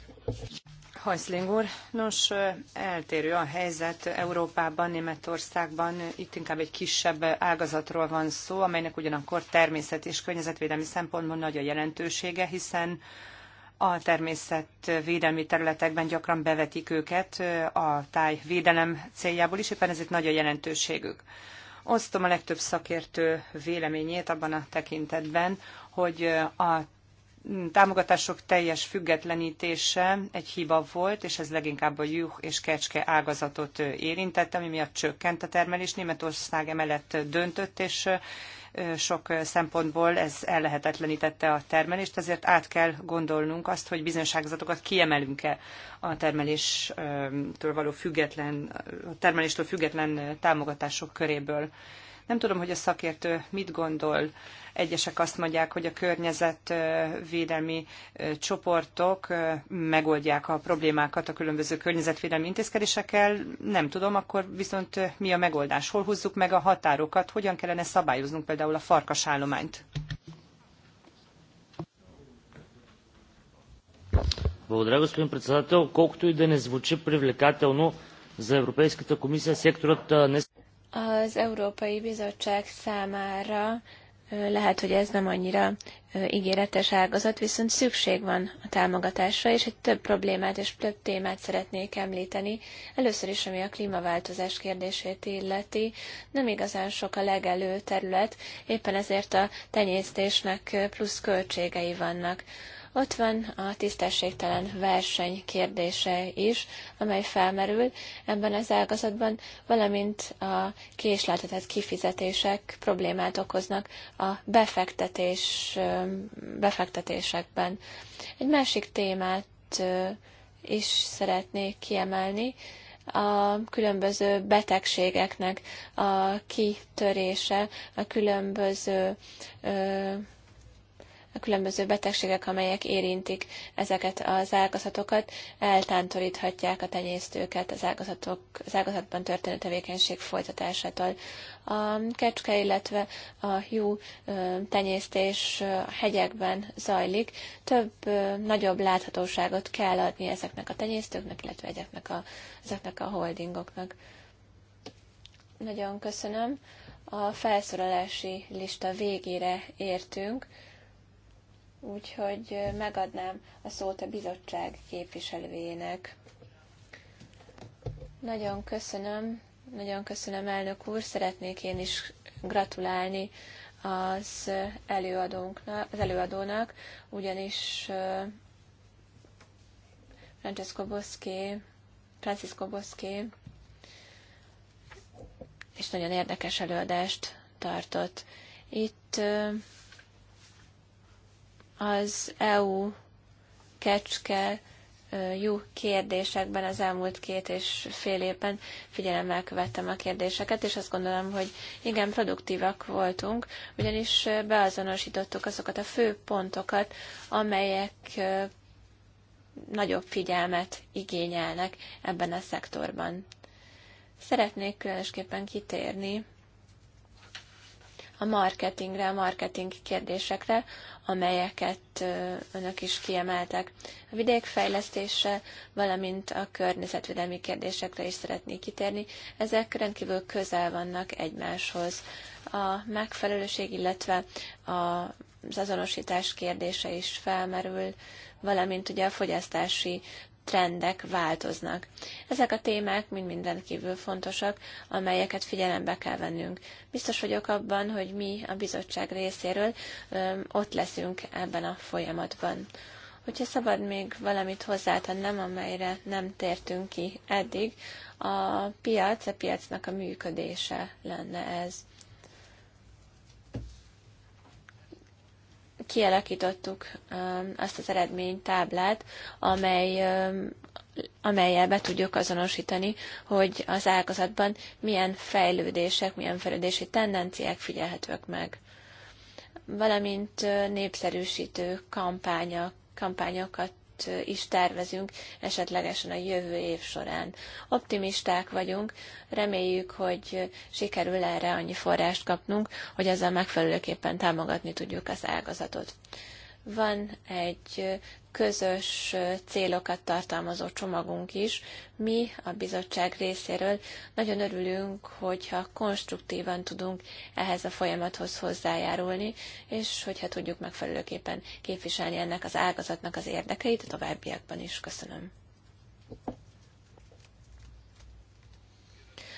B: Hajszling úr, nos, eltérő a helyzet Európában, Németországban, itt inkább egy kisebb ágazatról van szó, amelynek ugyanakkor természet és környezetvédelmi szempontból nagy a jelentősége, hiszen a természetvédelmi területekben gyakran bevetik őket a tájvédelem céljából is, éppen ezért nagy a jelentőségük. Osztom a legtöbb szakértő véleményét abban a tekintetben, hogy a támogatások teljes függetlenítése egy hiba volt, és ez leginkább a juh és kecske ágazatot érintette, ami miatt csökkent a termelés. Németország emellett döntött, és sok szempontból ez ellehetetlenítette a termelést, ezért át kell gondolnunk azt, hogy bizonyos ágazatokat kiemelünk-e a termeléstől való független, a termeléstől független támogatások köréből. Nem tudom, hogy a szakértő mit gondol. Egyesek azt mondják, hogy a környezetvédelmi csoportok megoldják a problémákat a különböző környezetvédelmi intézkedésekkel. Nem tudom, akkor viszont mi a megoldás? Hol húzzuk meg a határokat? Hogyan kellene szabályoznunk például a farkasállományt?
A: Благодаря, господин председател. Колкото и да не звучи привлекателно за Европейската комисия, секторът не...
C: Az Európai Bizottság számára lehet, hogy ez nem annyira ígéretes ágazat, viszont szükség van a támogatásra, és egy több problémát és több témát szeretnék említeni. Először is, ami a klímaváltozás kérdését illeti, nem igazán sok a legelő terület, éppen ezért a tenyésztésnek plusz költségei vannak. Ott van a tisztességtelen verseny kérdése is, amely felmerül ebben az ágazatban, valamint a késleltetett kifizetések problémát okoznak a befektetés, befektetésekben. Egy másik témát is szeretnék kiemelni, a különböző betegségeknek a kitörése, a különböző a különböző betegségek, amelyek érintik ezeket az ágazatokat, eltántoríthatják a tenyésztőket az, ágazatok, az ágazatban történő tevékenység folytatásától. A kecske, illetve a jó tenyésztés hegyekben zajlik. Több nagyobb láthatóságot kell adni ezeknek a tenyésztőknek, illetve ezeknek a, ezeknek a holdingoknak. Nagyon köszönöm. A felszólalási lista végére értünk úgyhogy megadnám a szót a bizottság képviselőjének. Nagyon köszönöm, nagyon köszönöm, elnök úr. Szeretnék én is gratulálni az, előadónknak, az előadónak, ugyanis Francesco Boszki, Francisco Boszki, és nagyon érdekes előadást tartott. Itt az EU kecske jó kérdésekben az elmúlt két és fél évben figyelemmel követtem a kérdéseket, és azt gondolom, hogy igen, produktívak voltunk, ugyanis beazonosítottuk azokat a fő pontokat, amelyek nagyobb figyelmet igényelnek ebben a szektorban. Szeretnék különösképpen kitérni a marketingre, a marketing kérdésekre, amelyeket önök is kiemeltek. A vidékfejlesztése valamint a környezetvédelmi kérdésekre is szeretnék kitérni. Ezek rendkívül közel vannak egymáshoz. A megfelelőség, illetve a az azonosítás kérdése is felmerül, valamint ugye a fogyasztási trendek változnak. Ezek a témák mind-mind rendkívül fontosak, amelyeket figyelembe kell vennünk. Biztos vagyok abban, hogy mi a bizottság részéről ott leszünk ebben a folyamatban. Hogyha szabad még valamit hozzátennem, amelyre nem tértünk ki eddig, a piac, a piacnak a működése lenne ez. kialakítottuk um, azt az eredménytáblát, amely, um, amelyel be tudjuk azonosítani, hogy az ágazatban milyen fejlődések, milyen fejlődési tendenciák figyelhetők meg. Valamint uh, népszerűsítő kampányok kampányokat programot is tervezünk esetlegesen a jövő év során. Optimisták vagyunk, reméljük, hogy sikerül erre annyi forrást kapnunk, hogy ezzel megfelelőképpen támogatni tudjuk az ágazatot van egy közös célokat tartalmazó csomagunk is. Mi a bizottság részéről nagyon örülünk, hogyha konstruktívan tudunk ehhez a folyamathoz hozzájárulni, és hogyha tudjuk megfelelőképpen képviselni ennek az ágazatnak az érdekeit a továbbiakban is. Köszönöm.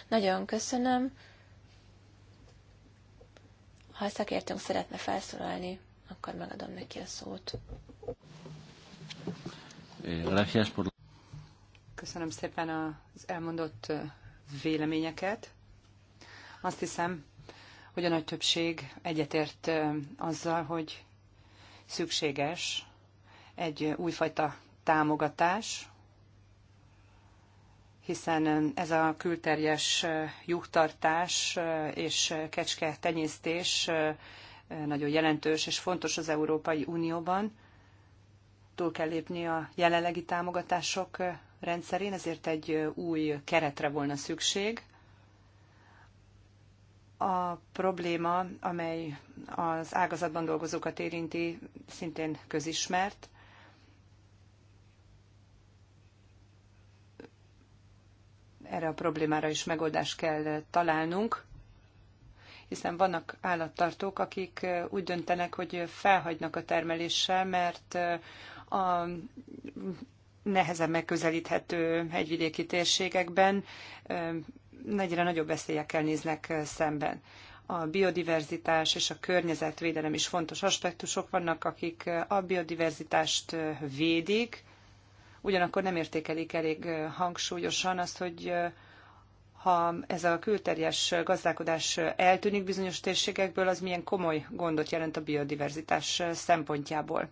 C: Nagyon köszönöm. Ha szakértünk szeretne felszólalni akkor megadom neki a szót.
A: Eh,
B: Köszönöm szépen az elmondott eh, véleményeket. Azt hiszem, hogy a nagy többség egyetért eh, azzal, hogy szükséges egy újfajta támogatás, hiszen ez a külterjes juhtartás és kecske tenyésztés nagyon jelentős és fontos az Európai Unióban. Túl kell lépni a jelenlegi támogatások rendszerén, ezért egy új keretre volna szükség. A probléma, amely az ágazatban dolgozókat érinti, szintén közismert. Erre a problémára is megoldást kell találnunk hiszen vannak állattartók, akik úgy döntenek, hogy felhagynak a termeléssel, mert a nehezen megközelíthető hegyvidéki térségekben egyre nagyobb veszélyekkel néznek szemben. A biodiverzitás és a környezetvédelem is fontos aspektusok vannak, akik a biodiverzitást védik, ugyanakkor nem értékelik elég hangsúlyosan azt, hogy ha ez a külterjes gazdálkodás eltűnik bizonyos térségekből, az milyen komoly gondot jelent a biodiverzitás szempontjából.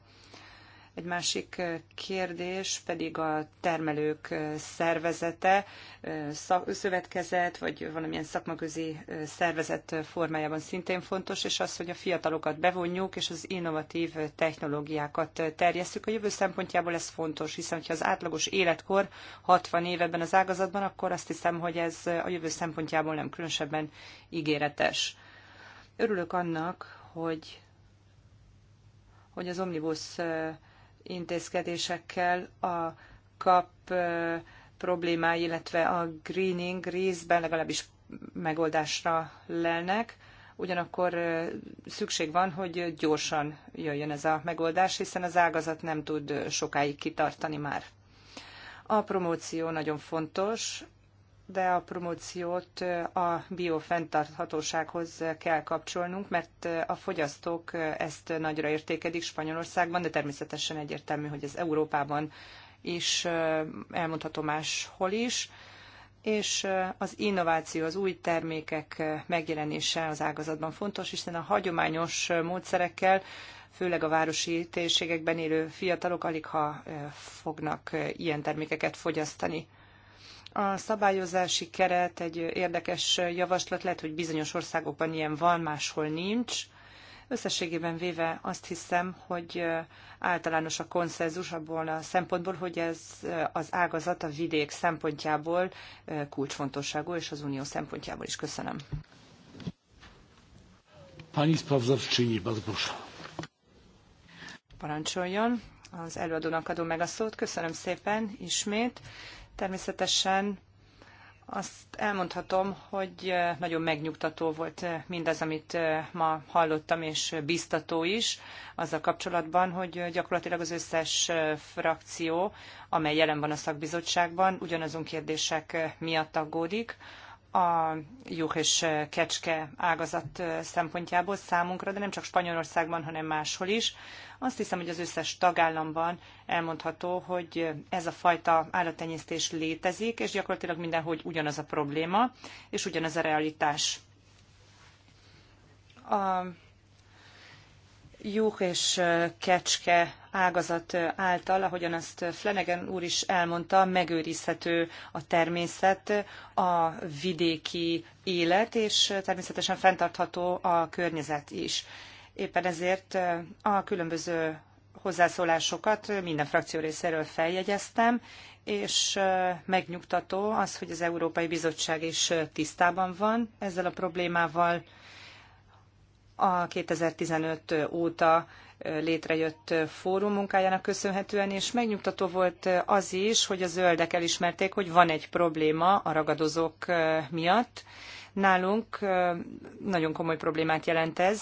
B: Egy másik kérdés pedig a termelők szervezete, szövetkezet, vagy valamilyen szakmaközi szervezet formájában szintén fontos, és az, hogy a fiatalokat bevonjuk, és az innovatív technológiákat terjesszük. A jövő szempontjából ez fontos, hiszen ha az átlagos életkor 60 év ebben az ágazatban, akkor azt hiszem, hogy ez a jövő szempontjából nem különösebben ígéretes. Örülök annak, hogy, hogy az Omnibus intézkedésekkel a kap problémái, illetve a greening részben legalábbis megoldásra lelnek. Ugyanakkor szükség van, hogy gyorsan jöjjön ez a megoldás, hiszen az ágazat nem tud sokáig kitartani már. A promóció nagyon fontos, de a promóciót a biofenntarthatósághoz kell kapcsolnunk, mert a fogyasztók ezt nagyra értékelik Spanyolországban, de természetesen egyértelmű, hogy ez Európában is elmondható máshol is és az innováció, az új termékek megjelenése az ágazatban fontos, hiszen a hagyományos módszerekkel, főleg a városi térségekben élő fiatalok alig ha fognak ilyen termékeket fogyasztani. A szabályozási keret egy érdekes javaslat, lehet, hogy bizonyos országokban ilyen van, máshol nincs. Összességében véve azt hiszem, hogy általános a konszenzus abból a szempontból, hogy ez az ágazat a vidék szempontjából kulcsfontosságú, és az unió szempontjából is. Köszönöm.
A: Pani sprawozdawczyni, bardzo proszę.
B: Parancsoljon. Az előadónak adom meg a szót. Köszönöm szépen ismét. Természetesen azt elmondhatom, hogy nagyon megnyugtató volt mindaz, amit ma hallottam, és biztató is azzal kapcsolatban, hogy gyakorlatilag az összes frakció, amely jelen van a szakbizottságban, ugyanazon kérdések miatt aggódik, a juh és kecske ágazat szempontjából számunkra, de nem csak Spanyolországban, hanem máshol is. Azt hiszem, hogy az összes tagállamban elmondható, hogy ez a fajta állattenyésztés létezik, és gyakorlatilag mindenhogy ugyanaz a probléma, és ugyanaz a realitás. A juh és kecske ágazat által, ahogyan azt Flanagan úr is elmondta, megőrizhető a természet, a vidéki élet, és természetesen fenntartható a környezet is. Éppen ezért a különböző hozzászólásokat minden frakció részéről feljegyeztem, és megnyugtató az, hogy az Európai Bizottság is tisztában van ezzel a problémával, a 2015 óta létrejött fórum munkájának köszönhetően, és megnyugtató volt az is, hogy a zöldek elismerték, hogy van egy probléma a ragadozók miatt. Nálunk nagyon komoly problémát jelent ez,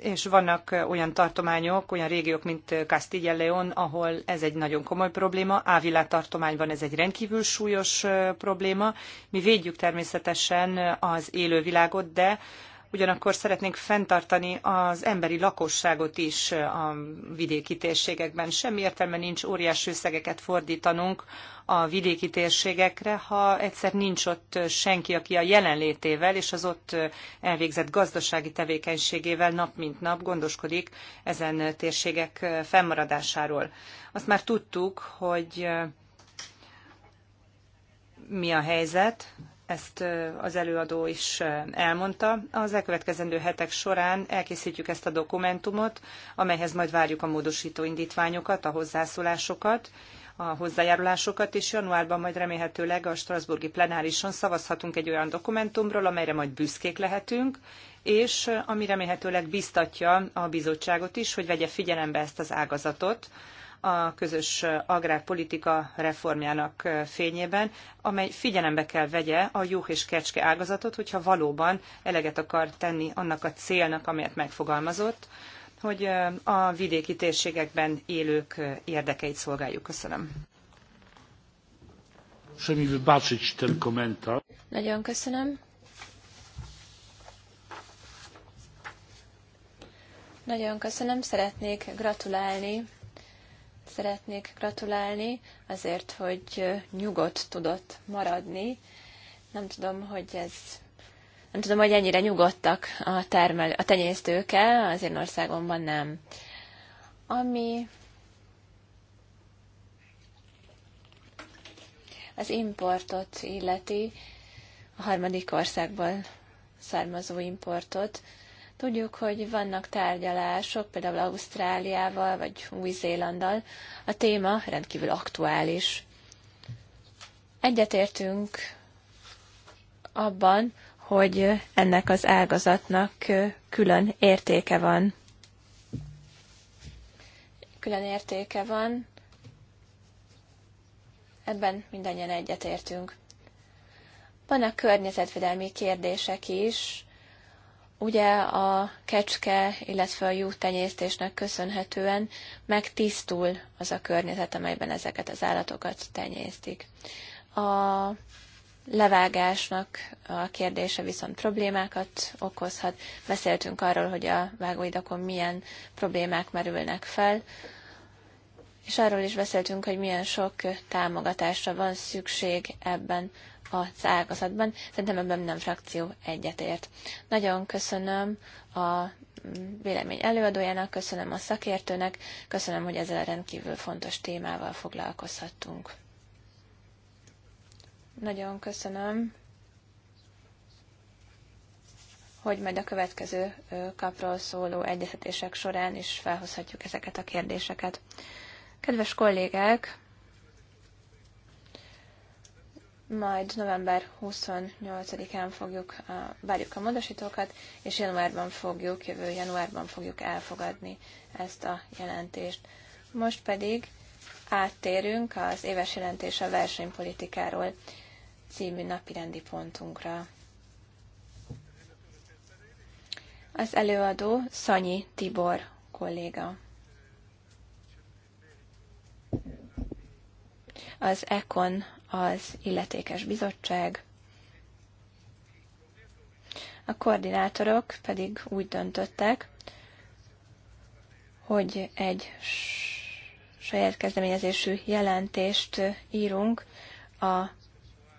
B: és vannak olyan tartományok, olyan régiók, mint Castilla León, ahol ez egy nagyon komoly probléma. Ávilá tartományban ez egy rendkívül súlyos probléma. Mi védjük természetesen az élővilágot, de ugyanakkor szeretnénk fenntartani az emberi lakosságot is a vidéki térségekben. Semmi értelme nincs óriási összegeket fordítanunk a vidéki térségekre, ha egyszer nincs ott senki, aki a jelenlétével és az ott elvégzett gazdasági tevékenységével nap mint nap gondoskodik ezen térségek fennmaradásáról. Azt már tudtuk, hogy mi a helyzet, ezt az előadó is elmondta. Az elkövetkezendő hetek során elkészítjük ezt a dokumentumot, amelyhez majd várjuk a módosító indítványokat, a hozzászólásokat, a hozzájárulásokat, és januárban majd remélhetőleg a Strasburgi plenárison szavazhatunk egy olyan dokumentumról, amelyre majd büszkék lehetünk, és ami remélhetőleg biztatja a bizottságot is, hogy vegye figyelembe ezt az ágazatot, a közös agrárpolitika reformjának fényében, amely figyelembe kell vegye a juh és kecske ágazatot, hogyha valóban eleget akar tenni annak a célnak, amelyet megfogalmazott, hogy a vidéki térségekben élők érdekeit szolgáljuk. Köszönöm. Nagyon köszönöm.
C: Nagyon köszönöm, szeretnék gratulálni szeretnék gratulálni, azért, hogy nyugodt tudott maradni. Nem tudom, hogy ez nem tudom, hogy ennyire nyugodtak a, termel, a tenyésztőke, az én országomban nem. Ami az importot illeti, a harmadik országból származó importot, Tudjuk, hogy vannak tárgyalások, például Ausztráliával vagy Új-Zélanddal. A téma rendkívül aktuális. Egyetértünk abban, hogy ennek az ágazatnak külön értéke van. Külön értéke van. Ebben mindannyian egyetértünk. Vannak környezetvédelmi kérdések is, Ugye a kecske, illetve a juhtenyésztésnek köszönhetően megtisztul az a környezet, amelyben ezeket az állatokat tenyésztik. A levágásnak a kérdése viszont problémákat okozhat. Beszéltünk arról, hogy a vágóidakon milyen problémák merülnek fel, és arról is beszéltünk, hogy milyen sok támogatásra van szükség ebben a ágazatban. Szerintem ebben nem frakció egyetért. Nagyon köszönöm a vélemény előadójának, köszönöm a szakértőnek, köszönöm, hogy ezzel a rendkívül fontos témával foglalkozhattunk. Nagyon köszönöm, hogy majd a következő kapról szóló egyeztetések során is felhozhatjuk ezeket a kérdéseket. Kedves kollégák, majd november 28-án fogjuk, várjuk a módosítókat, és januárban fogjuk, jövő januárban fogjuk elfogadni ezt a jelentést. Most pedig áttérünk az éves jelentés a versenypolitikáról című napirendi pontunkra. Az előadó Szanyi Tibor kolléga. Az Econ az illetékes bizottság, a koordinátorok pedig úgy döntöttek, hogy egy saját kezdeményezésű jelentést írunk a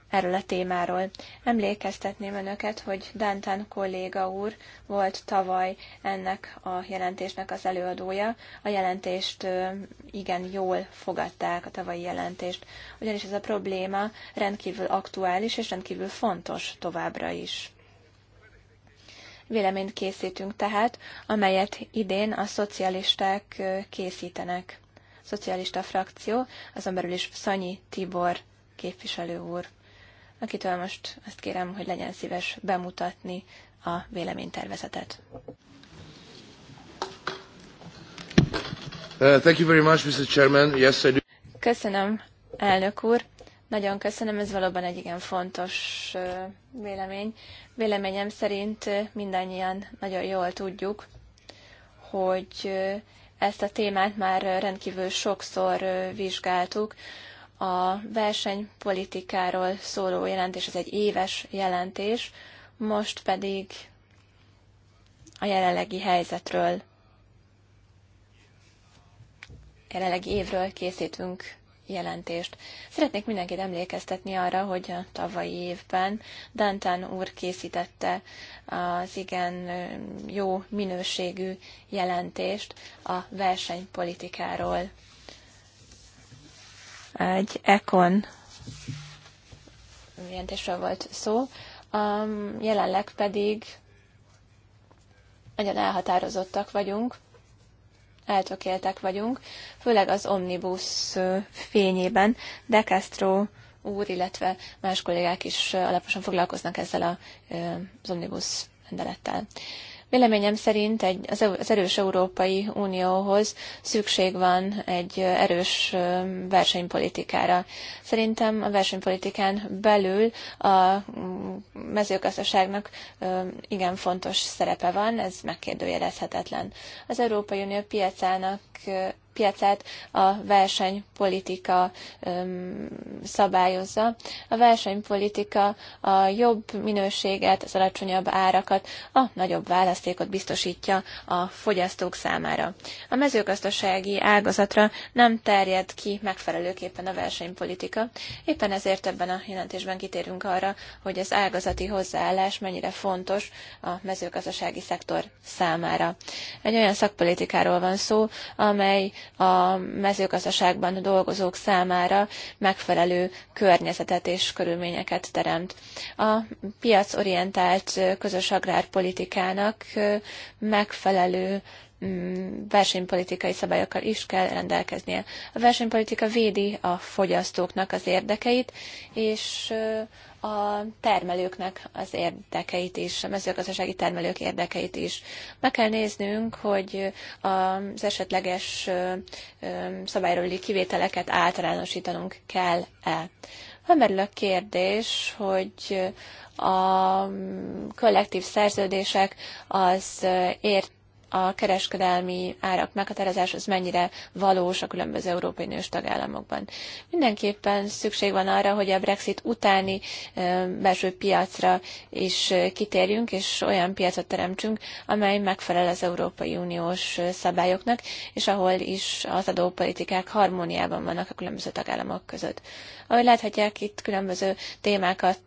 C: erről a témáról. Emlékeztetném önöket, hogy Dantan kolléga úr volt tavaly ennek a jelentésnek az előadója. A jelentést igen jól fogadták, a tavalyi jelentést, ugyanis ez a probléma rendkívül aktuális és rendkívül fontos továbbra is. Véleményt készítünk tehát, amelyet idén a szocialisták készítenek. szocialista frakció, azon belül is Szanyi Tibor képviselő úr akitől most azt kérem, hogy legyen szíves bemutatni a véleménytervezetet.
A: Uh, thank you very much, Mr. Chairman. Yes, I do.
C: Köszönöm, elnök úr. Nagyon köszönöm, ez valóban egy igen fontos uh, vélemény. Véleményem szerint uh, mindannyian nagyon jól tudjuk, hogy uh, ezt a témát már rendkívül sokszor vizsgáltuk, a versenypolitikáról szóló jelentés, ez egy éves jelentés, most pedig a jelenlegi helyzetről, jelenlegi évről készítünk jelentést. Szeretnék mindenkit emlékeztetni arra, hogy a tavalyi évben Dantán úr készítette az igen jó minőségű jelentést a versenypolitikáról egy Econ jelentésről volt szó, um, jelenleg pedig nagyon elhatározottak vagyunk, eltökéltek vagyunk, főleg az omnibus fényében. De Castro úr, illetve más kollégák is alaposan foglalkoznak ezzel az omnibus rendelettel. Véleményem szerint egy, az erős Európai Unióhoz szükség van egy erős versenypolitikára. Szerintem a versenypolitikán belül a mm, mezőgazdaságnak igen fontos szerepe van, ez megkérdőjelezhetetlen. Az Európai Unió piacának piacát a versenypolitika szabályozza. A versenypolitika a jobb minőséget, az alacsonyabb árakat, a nagyobb választékot biztosítja a fogyasztók számára. A mezőgazdasági ágazatra nem terjed ki megfelelőképpen a versenypolitika, éppen ezért ebben a jelentésben kitérünk arra, hogy az ágazati hozzáállás mennyire fontos a mezőgazdasági szektor számára. Egy olyan szakpolitikáról van szó, amely a mezőgazdaságban dolgozók számára megfelelő környezetet és körülményeket teremt. A piacorientált közös agrárpolitikának megfelelő Mm, versenypolitikai szabályokkal is kell rendelkeznie. A versenypolitika védi a fogyasztóknak az érdekeit, és a termelőknek az érdekeit is, a mezőgazdasági termelők érdekeit is. Meg kell néznünk, hogy az esetleges szabályról kivételeket általánosítanunk kell-e. merül a kérdés, hogy a kollektív szerződések az ért a kereskedelmi árak meghatározása az mennyire valós a különböző Európai nős tagállamokban. Mindenképpen szükség van arra, hogy a Brexit utáni belső piacra is kitérjünk, és olyan piacot teremtsünk, amely megfelel az Európai Uniós szabályoknak, és ahol is az adópolitikák harmóniában vannak a különböző tagállamok között. Ahogy láthatják, itt különböző témákat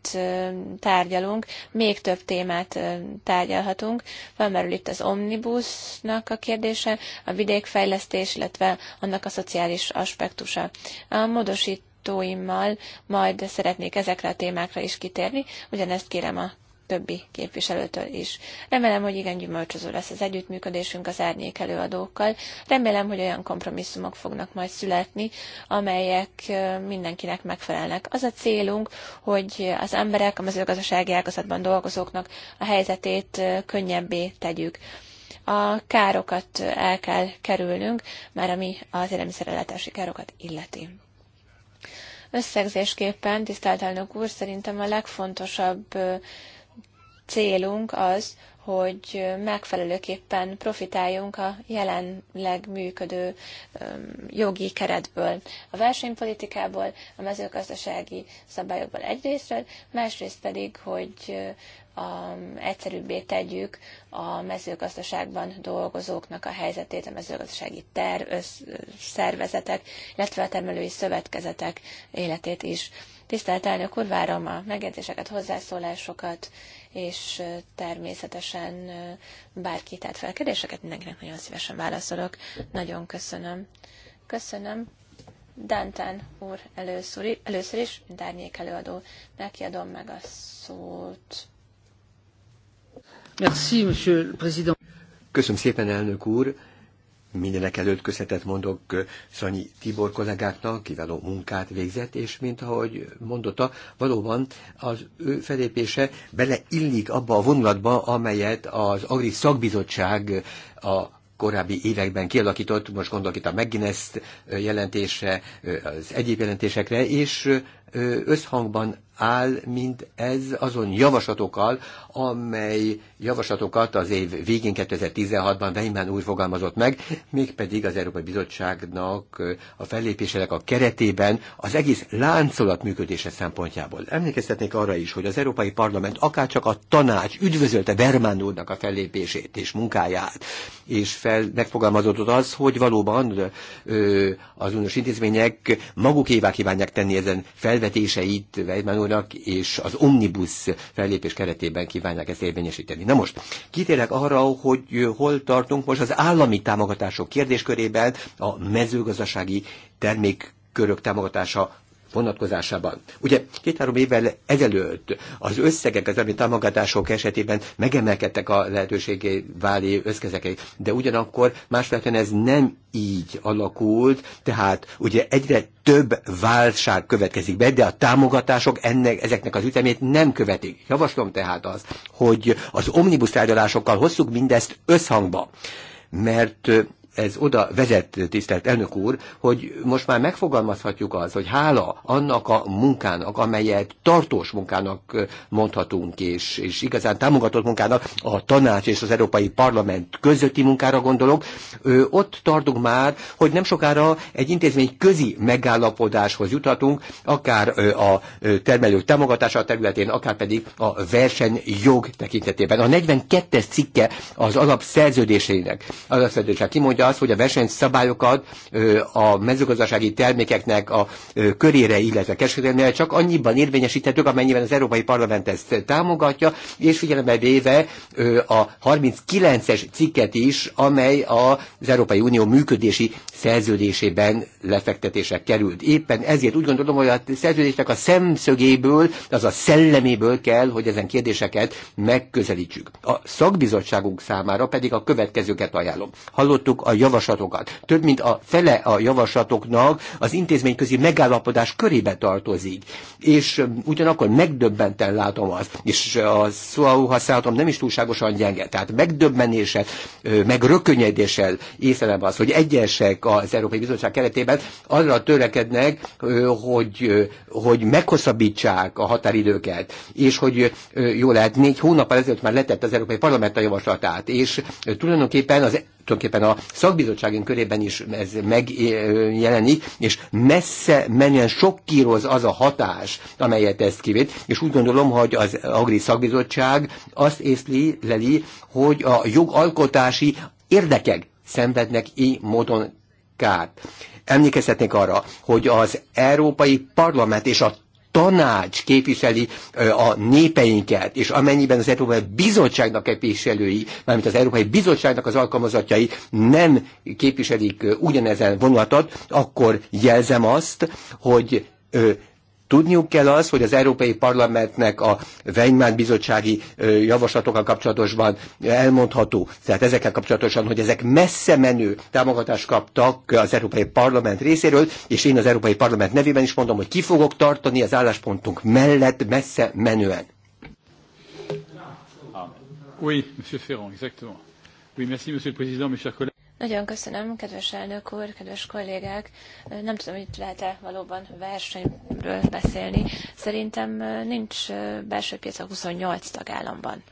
C: tárgyalunk, még több témát tárgyalhatunk. Felmerül itt az omnibus, piacnak a kérdése, a vidékfejlesztés, illetve annak a szociális aspektusa. A módosítóimmal majd szeretnék ezekre a témákra is kitérni, ugyanezt kérem a többi képviselőtől is. Remélem, hogy igen gyümölcsöző lesz az együttműködésünk az árnyék előadókkal. Remélem, hogy olyan kompromisszumok fognak majd születni, amelyek mindenkinek megfelelnek. Az a célunk, hogy az emberek, a mezőgazdasági ágazatban dolgozóknak a helyzetét könnyebbé tegyük a károkat el kell kerülnünk, már ami az élelmiszerellátási károkat illeti. Összegzésképpen, tisztelt elnök úr, szerintem a legfontosabb célunk az, hogy megfelelőképpen profitáljunk a jelenleg működő jogi keretből, a versenypolitikából, a mezőgazdasági szabályokból egyrésztről, másrészt pedig, hogy a, egyszerűbbé tegyük a mezőgazdaságban dolgozóknak a helyzetét, a mezőgazdasági terv, szervezetek, illetve a termelői szövetkezetek életét is. Tisztelt elnök úr, várom a megjegyzéseket, hozzászólásokat, és természetesen bárki tett fel kérdéseket, mindenkinek nagyon szívesen válaszolok. Nagyon köszönöm. Köszönöm. Dantán úr először, először is, mint árnyék előadó, neki adom meg a szót.
D: Merci, Köszönöm szépen, elnök úr. Mindenek előtt köszönetet mondok Szanyi Tibor kollégáknak, kiváló munkát végzett, és mint ahogy mondotta, valóban az ő felépése beleillik abba a vonulatba, amelyet az Agri Szakbizottság a korábbi években kialakított, most gondolok itt a McGuinness jelentésre, az egyéb jelentésekre, és összhangban áll, mint ez azon javaslatokkal, amely javaslatokat az év végén 2016-ban Weimann úr fogalmazott meg, mégpedig az Európai Bizottságnak a fellépésének a keretében az egész láncolat működése szempontjából. Emlékeztetnék arra is, hogy az Európai Parlament akárcsak a tanács üdvözölte Bermán úrnak a fellépését és munkáját, és fel, megfogalmazott az, hogy valóban ö, az uniós intézmények magukévá kívánják tenni ezen fel felvetéseit Weidmann úrnak, és az omnibus fellépés keretében kívánják ezt érvényesíteni. Na most, kitérek arra, hogy hol tartunk most az állami támogatások kérdéskörében a mezőgazdasági termék körök támogatása vonatkozásában. Ugye két-három évvel ezelőtt az összegek, az ami támogatások esetében megemelkedtek a lehetőségé váli, összkezekei, de ugyanakkor másfelten ez nem így alakult, tehát ugye egyre több válság következik be, de a támogatások ennek, ezeknek az ütemét nem követik. Javaslom tehát az, hogy az omnibus tárgyalásokkal hozzuk mindezt összhangba, mert ez oda vezet, tisztelt elnök úr, hogy most már megfogalmazhatjuk az, hogy hála annak a munkának, amelyet tartós munkának mondhatunk, és, és igazán támogatott munkának a tanács és az Európai Parlament közötti munkára gondolok, ott tartunk már, hogy nem sokára egy intézmény közi megállapodáshoz juthatunk, akár a termelők támogatása területén, akár pedig a versenyjog tekintetében. A 42-es cikke az alapszerződésének, alapszerződésének kimondja, az, hogy a versenyszabályokat a mezőgazdasági termékeknek a körére, illetve kereskedelmére csak annyiban érvényesíthetők, amennyiben az Európai Parlament ezt támogatja, és figyelembe véve a 39-es cikket is, amely az Európai Unió működési szerződésében lefektetése került. Éppen ezért úgy gondolom, hogy a szerződésnek a szemszögéből, az a szelleméből kell, hogy ezen kérdéseket megközelítsük. A szakbizottságunk számára pedig a következőket ajánlom. Hallottuk a a javaslatokat. Több mint a fele a javaslatoknak az intézményközi megállapodás körébe tartozik. És um, ugyanakkor megdöbbenten látom azt, és uh, a szó használatom nem is túlságosan gyenge, tehát megdöbbenéssel, uh, meg rökönyedéssel észlelem az, hogy egyesek az Európai Bizottság keretében arra törekednek, uh, hogy, hogy meghosszabbítsák a határidőket, és hogy jó lehet, négy hónap ezelőtt már letett az Európai Parlament a javaslatát, és tulajdonképpen az tulajdonképpen a szakbizottságunk körében is ez megjelenik, és messze menjen kíroz az a hatás, amelyet ezt kivét, és úgy gondolom, hogy az Agri Szakbizottság azt észli, leli, hogy a jogalkotási érdekek szenvednek így módon kárt. Emlékezhetnék arra, hogy az Európai Parlament és a tanács képviseli a népeinket, és amennyiben az Európai Bizottságnak képviselői, mármint az Európai Bizottságnak az alkalmazatjai nem képviselik ugyanezen vonulatot, akkor jelzem azt, hogy Tudniuk kell az, hogy az Európai Parlamentnek a Weinmann bizottsági javaslatokkal kapcsolatosan elmondható, tehát ezekkel kapcsolatosan, hogy ezek messze menő támogatást kaptak az Európai Parlament részéről, és én az Európai Parlament nevében is mondom, hogy ki fogok tartani az álláspontunk mellett messze menően. Ah. Oui, Monsieur
A: Ferrand, exactement. Oui, merci Monsieur le Président, mes chers collègues.
C: Nagyon köszönöm, kedves elnök úr, kedves kollégák. Nem tudom, hogy itt lehet-e valóban versenyről beszélni. Szerintem nincs belső piac a 28 tagállamban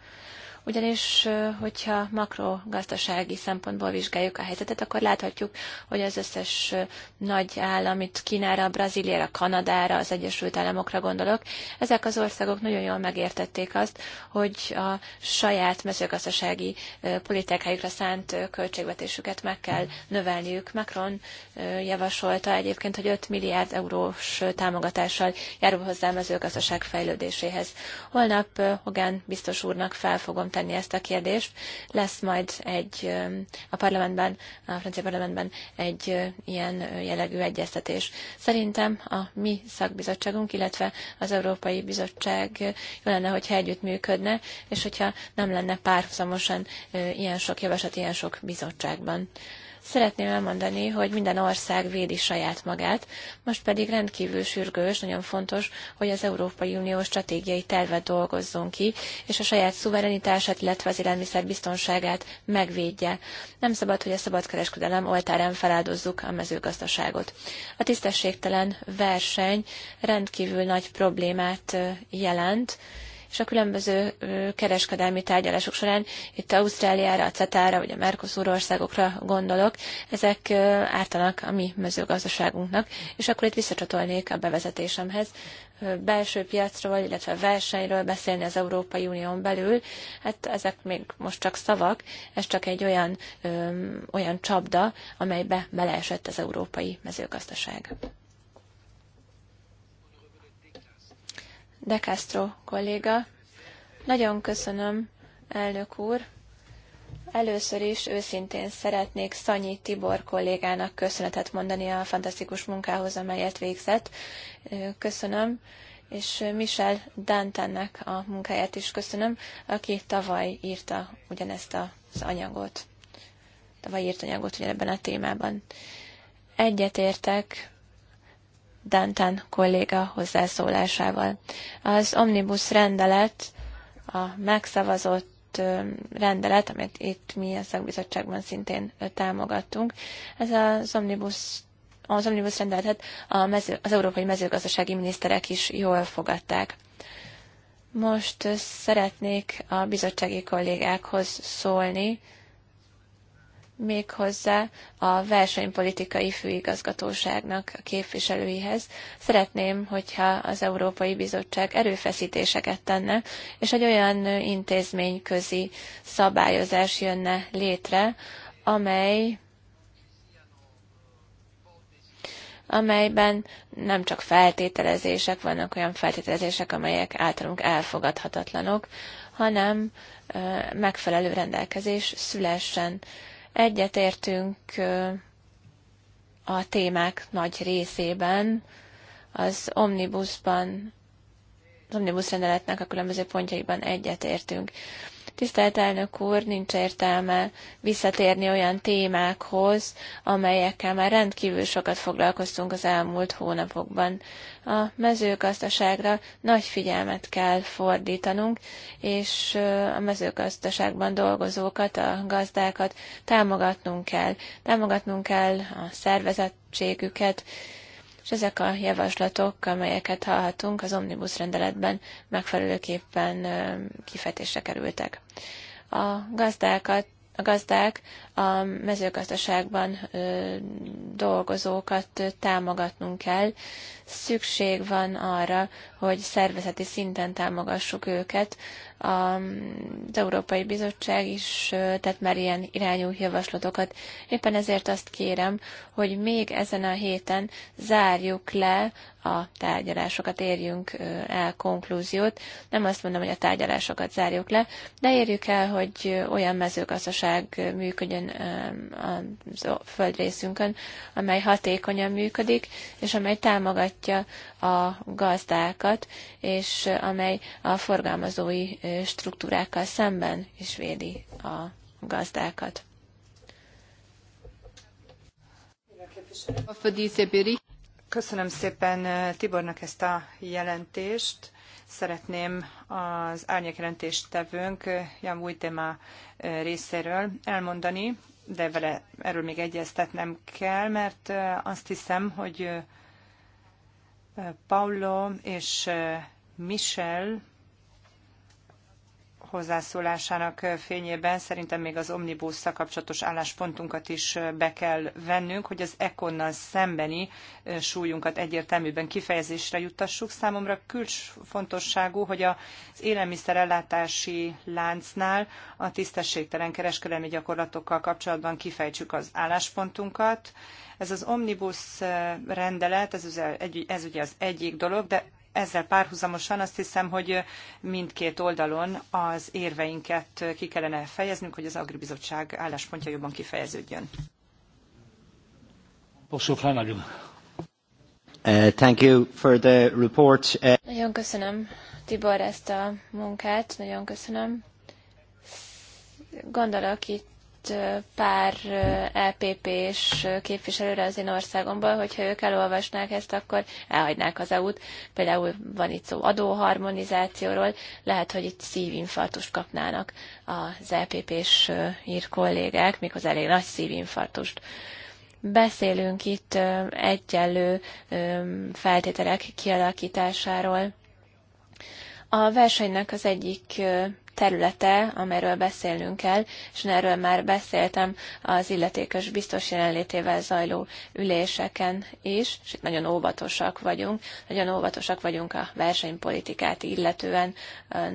C: ugyanis hogyha makrogazdasági szempontból vizsgáljuk a helyzetet, akkor láthatjuk, hogy az összes nagy állam, itt Kínára, Brazíliára, Kanadára, az Egyesült Államokra gondolok, ezek az országok nagyon jól megértették azt, hogy a saját mezőgazdasági politikájukra szánt költségvetésüket meg kell növelniük. Macron javasolta egyébként, hogy 5 milliárd eurós támogatással járul hozzá a mezőgazdaság fejlődéséhez. Holnap Hogan biztos úrnak fel fogom tenni ezt a kérdést. Lesz majd egy a parlamentben, a francia parlamentben egy ilyen jellegű egyeztetés. Szerintem a mi szakbizottságunk, illetve az Európai Bizottság jó lenne, hogyha együttműködne, és hogyha nem lenne párhuzamosan ilyen sok javaslat, ilyen sok bizottságban. Szeretném elmondani, hogy minden ország védi saját magát, most pedig rendkívül sürgős, nagyon fontos, hogy az Európai Unió stratégiai tervet dolgozzon ki, és a saját szuverenitását, illetve az élelmiszer biztonságát megvédje. Nem szabad, hogy a szabadkereskedelem oltárán feláldozzuk a mezőgazdaságot. A tisztességtelen verseny rendkívül nagy problémát jelent, és a különböző kereskedelmi tárgyalások során, itt Ausztráliára, a CETA-ra, vagy a Mercosur országokra gondolok, ezek ártanak a mi mezőgazdaságunknak, és akkor itt visszacsatolnék a bevezetésemhez. Belső piacról, illetve versenyről beszélni az Európai Unión belül, hát ezek még most csak szavak, ez csak egy olyan, olyan csapda, amelybe beleesett az európai mezőgazdaság. De Castro kolléga. Nagyon köszönöm, elnök úr. Először is őszintén szeretnék Szanyi Tibor kollégának köszönetet mondani a fantasztikus munkához, amelyet végzett. Köszönöm és Michel Dantennek a munkáját is köszönöm, aki tavaly írta ugyanezt az anyagot. Tavaly írt anyagot ugyanebben a témában. Egyetértek Dantan kolléga hozzászólásával. Az omnibus rendelet, a megszavazott rendelet, amit itt mi a szakbizottságban szintén támogattunk, ez az omnibus az omnibus rendeletet a mező, az európai mezőgazdasági miniszterek is jól fogadták. Most szeretnék a bizottsági kollégákhoz szólni, méghozzá a versenypolitikai főigazgatóságnak a képviselőihez. Szeretném, hogyha az Európai Bizottság erőfeszítéseket tenne, és egy olyan intézményközi szabályozás jönne létre, amely amelyben nem csak feltételezések, vannak olyan feltételezések, amelyek általunk elfogadhatatlanok, hanem megfelelő rendelkezés szülessen Egyetértünk a témák nagy részében, az omnibusban, az omnibus rendeletnek a különböző pontjaiban egyetértünk. Tisztelt elnök úr, nincs értelme visszatérni olyan témákhoz, amelyekkel már rendkívül sokat foglalkoztunk az elmúlt hónapokban. A mezőgazdaságra nagy figyelmet kell fordítanunk, és a mezőgazdaságban dolgozókat, a gazdákat támogatnunk kell. Támogatnunk kell a szervezettségüket, és ezek a javaslatok, amelyeket hallhatunk az Omnibus rendeletben megfelelőképpen kifetésre kerültek. A gazdákat a gazdák a mezőgazdaságban ö, dolgozókat támogatnunk kell. Szükség van arra, hogy szervezeti szinten támogassuk őket az Európai Bizottság is tett már ilyen irányú javaslatokat. Éppen ezért azt kérem, hogy még ezen a héten zárjuk le a tárgyalásokat, érjünk el konklúziót. Nem azt mondom, hogy a tárgyalásokat zárjuk le, de érjük el, hogy olyan mezőgazdaság működjön a földrészünkön, amely hatékonyan működik, és amely támogatja a gazdákat, és amely a forgalmazói struktúrákkal szemben is védi a
B: gazdákat. Köszönöm szépen eh, Tibornak ezt a jelentést. Szeretném az árnyékjelentéstevőnk eh, Jan Vujtema eh, részéről elmondani, de vele erről még egyeztetnem kell, mert azt hiszem, hogy Paulo és Michel hozzászólásának fényében szerintem még az omnibusszal kapcsolatos álláspontunkat is be kell vennünk, hogy az ekonnal szembeni súlyunkat egyértelműben kifejezésre juttassuk. Számomra kulcsfontosságú, hogy az élelmiszerellátási láncnál a tisztességtelen kereskedelmi gyakorlatokkal kapcsolatban kifejtsük az álláspontunkat. Ez az omnibus rendelet, ez, ez ugye az egyik dolog, de ezzel párhuzamosan azt hiszem, hogy mindkét oldalon az érveinket ki kellene fejeznünk, hogy az Agribizottság álláspontja jobban kifejeződjön.
A: Uh,
D: thank you for the report. Uh,
B: nagyon köszönöm,
C: Tibor, ezt a munkát, nagyon köszönöm. Gondolok itt pár LPP-s e képviselőre az én országomból, hogyha ők elolvasnák ezt, akkor elhagynák az EU-t. Például van itt szó adóharmonizációról, lehet, hogy itt szívinfarktust kapnának az LPP-s e ír kollégák, az elég nagy szívinfarktust beszélünk itt egyenlő feltételek kialakításáról. A versenynek az egyik területe, amelyről beszélnünk kell, és erről már beszéltem az illetékes biztos jelenlétével zajló üléseken is, és itt nagyon óvatosak vagyunk, nagyon óvatosak vagyunk a versenypolitikát illetően,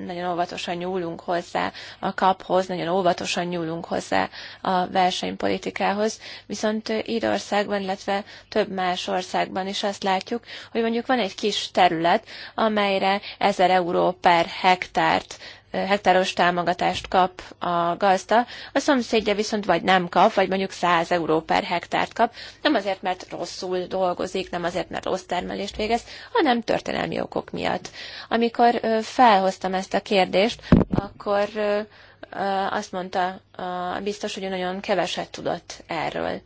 C: nagyon óvatosan nyúlunk hozzá a kaphoz, nagyon óvatosan nyúlunk hozzá a versenypolitikához, viszont Írországban, illetve több más országban is azt látjuk, hogy mondjuk van egy kis terület, amelyre 1000 euró per hektárt hektáros támogatást kap a gazda, a szomszédja viszont vagy nem kap, vagy mondjuk 100 euró per hektárt kap, nem azért, mert rosszul dolgozik, nem azért, mert rossz termelést végez, hanem történelmi okok miatt. Amikor felhoztam ezt a kérdést, akkor azt mondta biztos, hogy ő nagyon keveset tudott erről.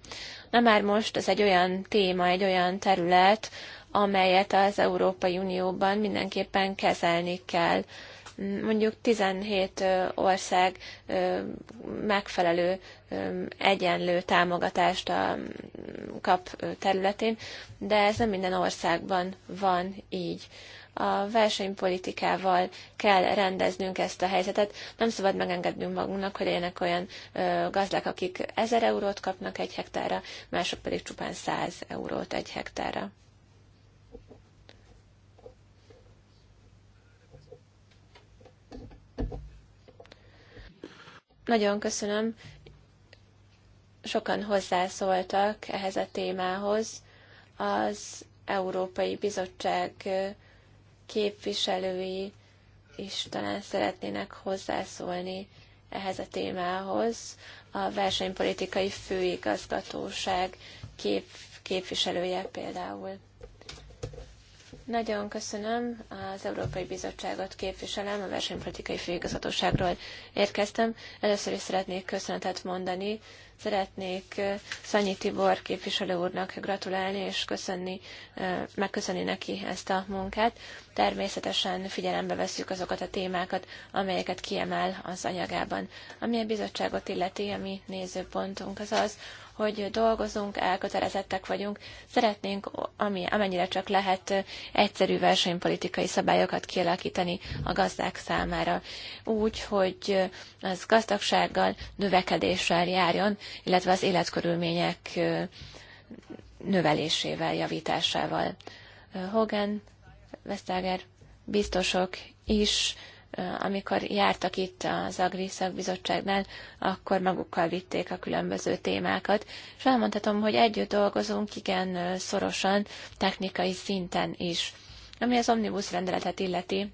C: Na már most ez egy olyan téma, egy olyan terület, amelyet az Európai Unióban mindenképpen kezelni kell mondjuk 17 ország megfelelő egyenlő támogatást a kap területén, de ez nem minden országban van így. A versenypolitikával kell rendeznünk ezt a helyzetet. Nem szabad megengednünk magunknak, hogy legyenek olyan gazdák, akik 1000 eurót kapnak egy hektára, mások pedig csupán 100 eurót egy hektára. Nagyon köszönöm. Sokan hozzászóltak ehhez a témához. Az Európai Bizottság képviselői is talán szeretnének hozzászólni ehhez a témához. A versenypolitikai főigazgatóság kép, képviselője például. Nagyon köszönöm. Az Európai Bizottságot képviselem, a versenypolitikai főigazgatóságról érkeztem. Először is szeretnék köszönetet mondani. Szeretnék eh, Szanyi Tibor képviselő úrnak gratulálni és köszönni, eh, megköszönni neki ezt a munkát. Természetesen figyelembe veszük azokat a témákat, amelyeket kiemel az anyagában. Ami a bizottságot illeti, a mi nézőpontunk az az, hogy dolgozunk, elkötelezettek vagyunk, szeretnénk, ami, amennyire csak lehet, egyszerű versenypolitikai szabályokat kialakítani a gazdák számára. Úgy, hogy az gazdagsággal, növekedéssel járjon, illetve az életkörülmények növelésével, javításával. Hogan, Vesztager biztosok is amikor jártak itt az Agri Szakbizottságnál, akkor magukkal vitték a különböző témákat, és elmondhatom, hogy együtt dolgozunk igen szorosan, technikai szinten is. Ami az omnibus rendeletet illeti,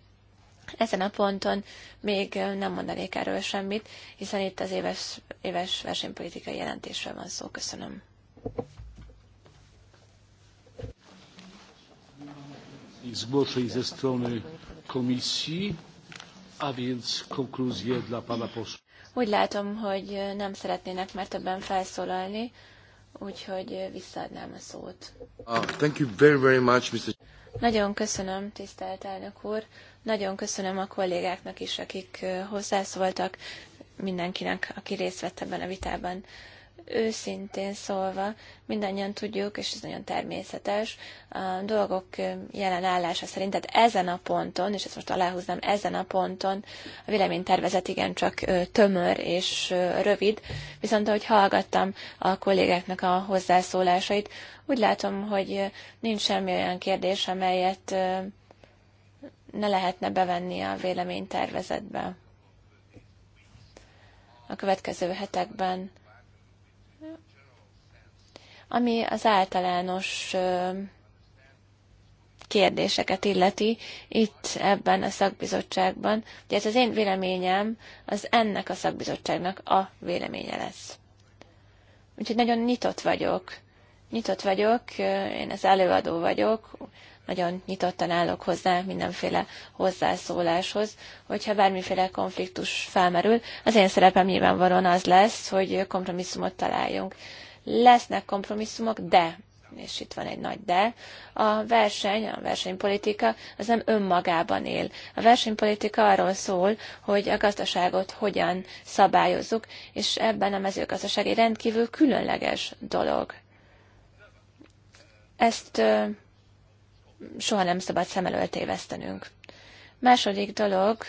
C: ezen a ponton még nem mondanék erről semmit, hiszen itt az éves, éves versenypolitikai jelentésről van szó. Köszönöm.
A: Zgłoszeń ze strony komisji. A więc konkluzje dla pana posła.
C: Úgy látom, hogy nem szeretnének már többen felszólalni, úgyhogy visszaadnám a szót.
E: Uh, thank you very, very much, Mr.
C: Nagyon köszönöm, tisztelt elnök úr. Nagyon köszönöm a kollégáknak is, akik eh, hozzászóltak, mindenkinek, aki részt vett ebben a vitában őszintén szólva, mindannyian tudjuk, és ez nagyon természetes, a dolgok jelen állása szerint, tehát ezen a ponton, és ezt most aláhúznám, ezen a ponton a véleménytervezet igencsak tömör és rövid, viszont ahogy hallgattam a kollégáknak a hozzászólásait, úgy látom, hogy nincs semmi olyan kérdés, amelyet ne lehetne bevenni a véleménytervezetbe. A következő hetekben ami az általános kérdéseket illeti itt ebben a szakbizottságban. Ugye ez az én véleményem, az ennek a szakbizottságnak a véleménye lesz. Úgyhogy nagyon nyitott vagyok. Nyitott vagyok, én az előadó vagyok, nagyon nyitottan állok hozzá mindenféle hozzászóláshoz, hogyha bármiféle konfliktus felmerül, az én szerepem nyilvánvalóan az lesz, hogy kompromisszumot találjunk. Lesznek kompromisszumok, de és itt van egy nagy de, a verseny, a versenypolitika az nem önmagában él. A versenypolitika arról szól, hogy a gazdaságot hogyan szabályozzuk, és ebben a mezőgazdaság egy rendkívül különleges dolog. Ezt ö, soha nem szabad szem elől tévesztenünk. Második dolog,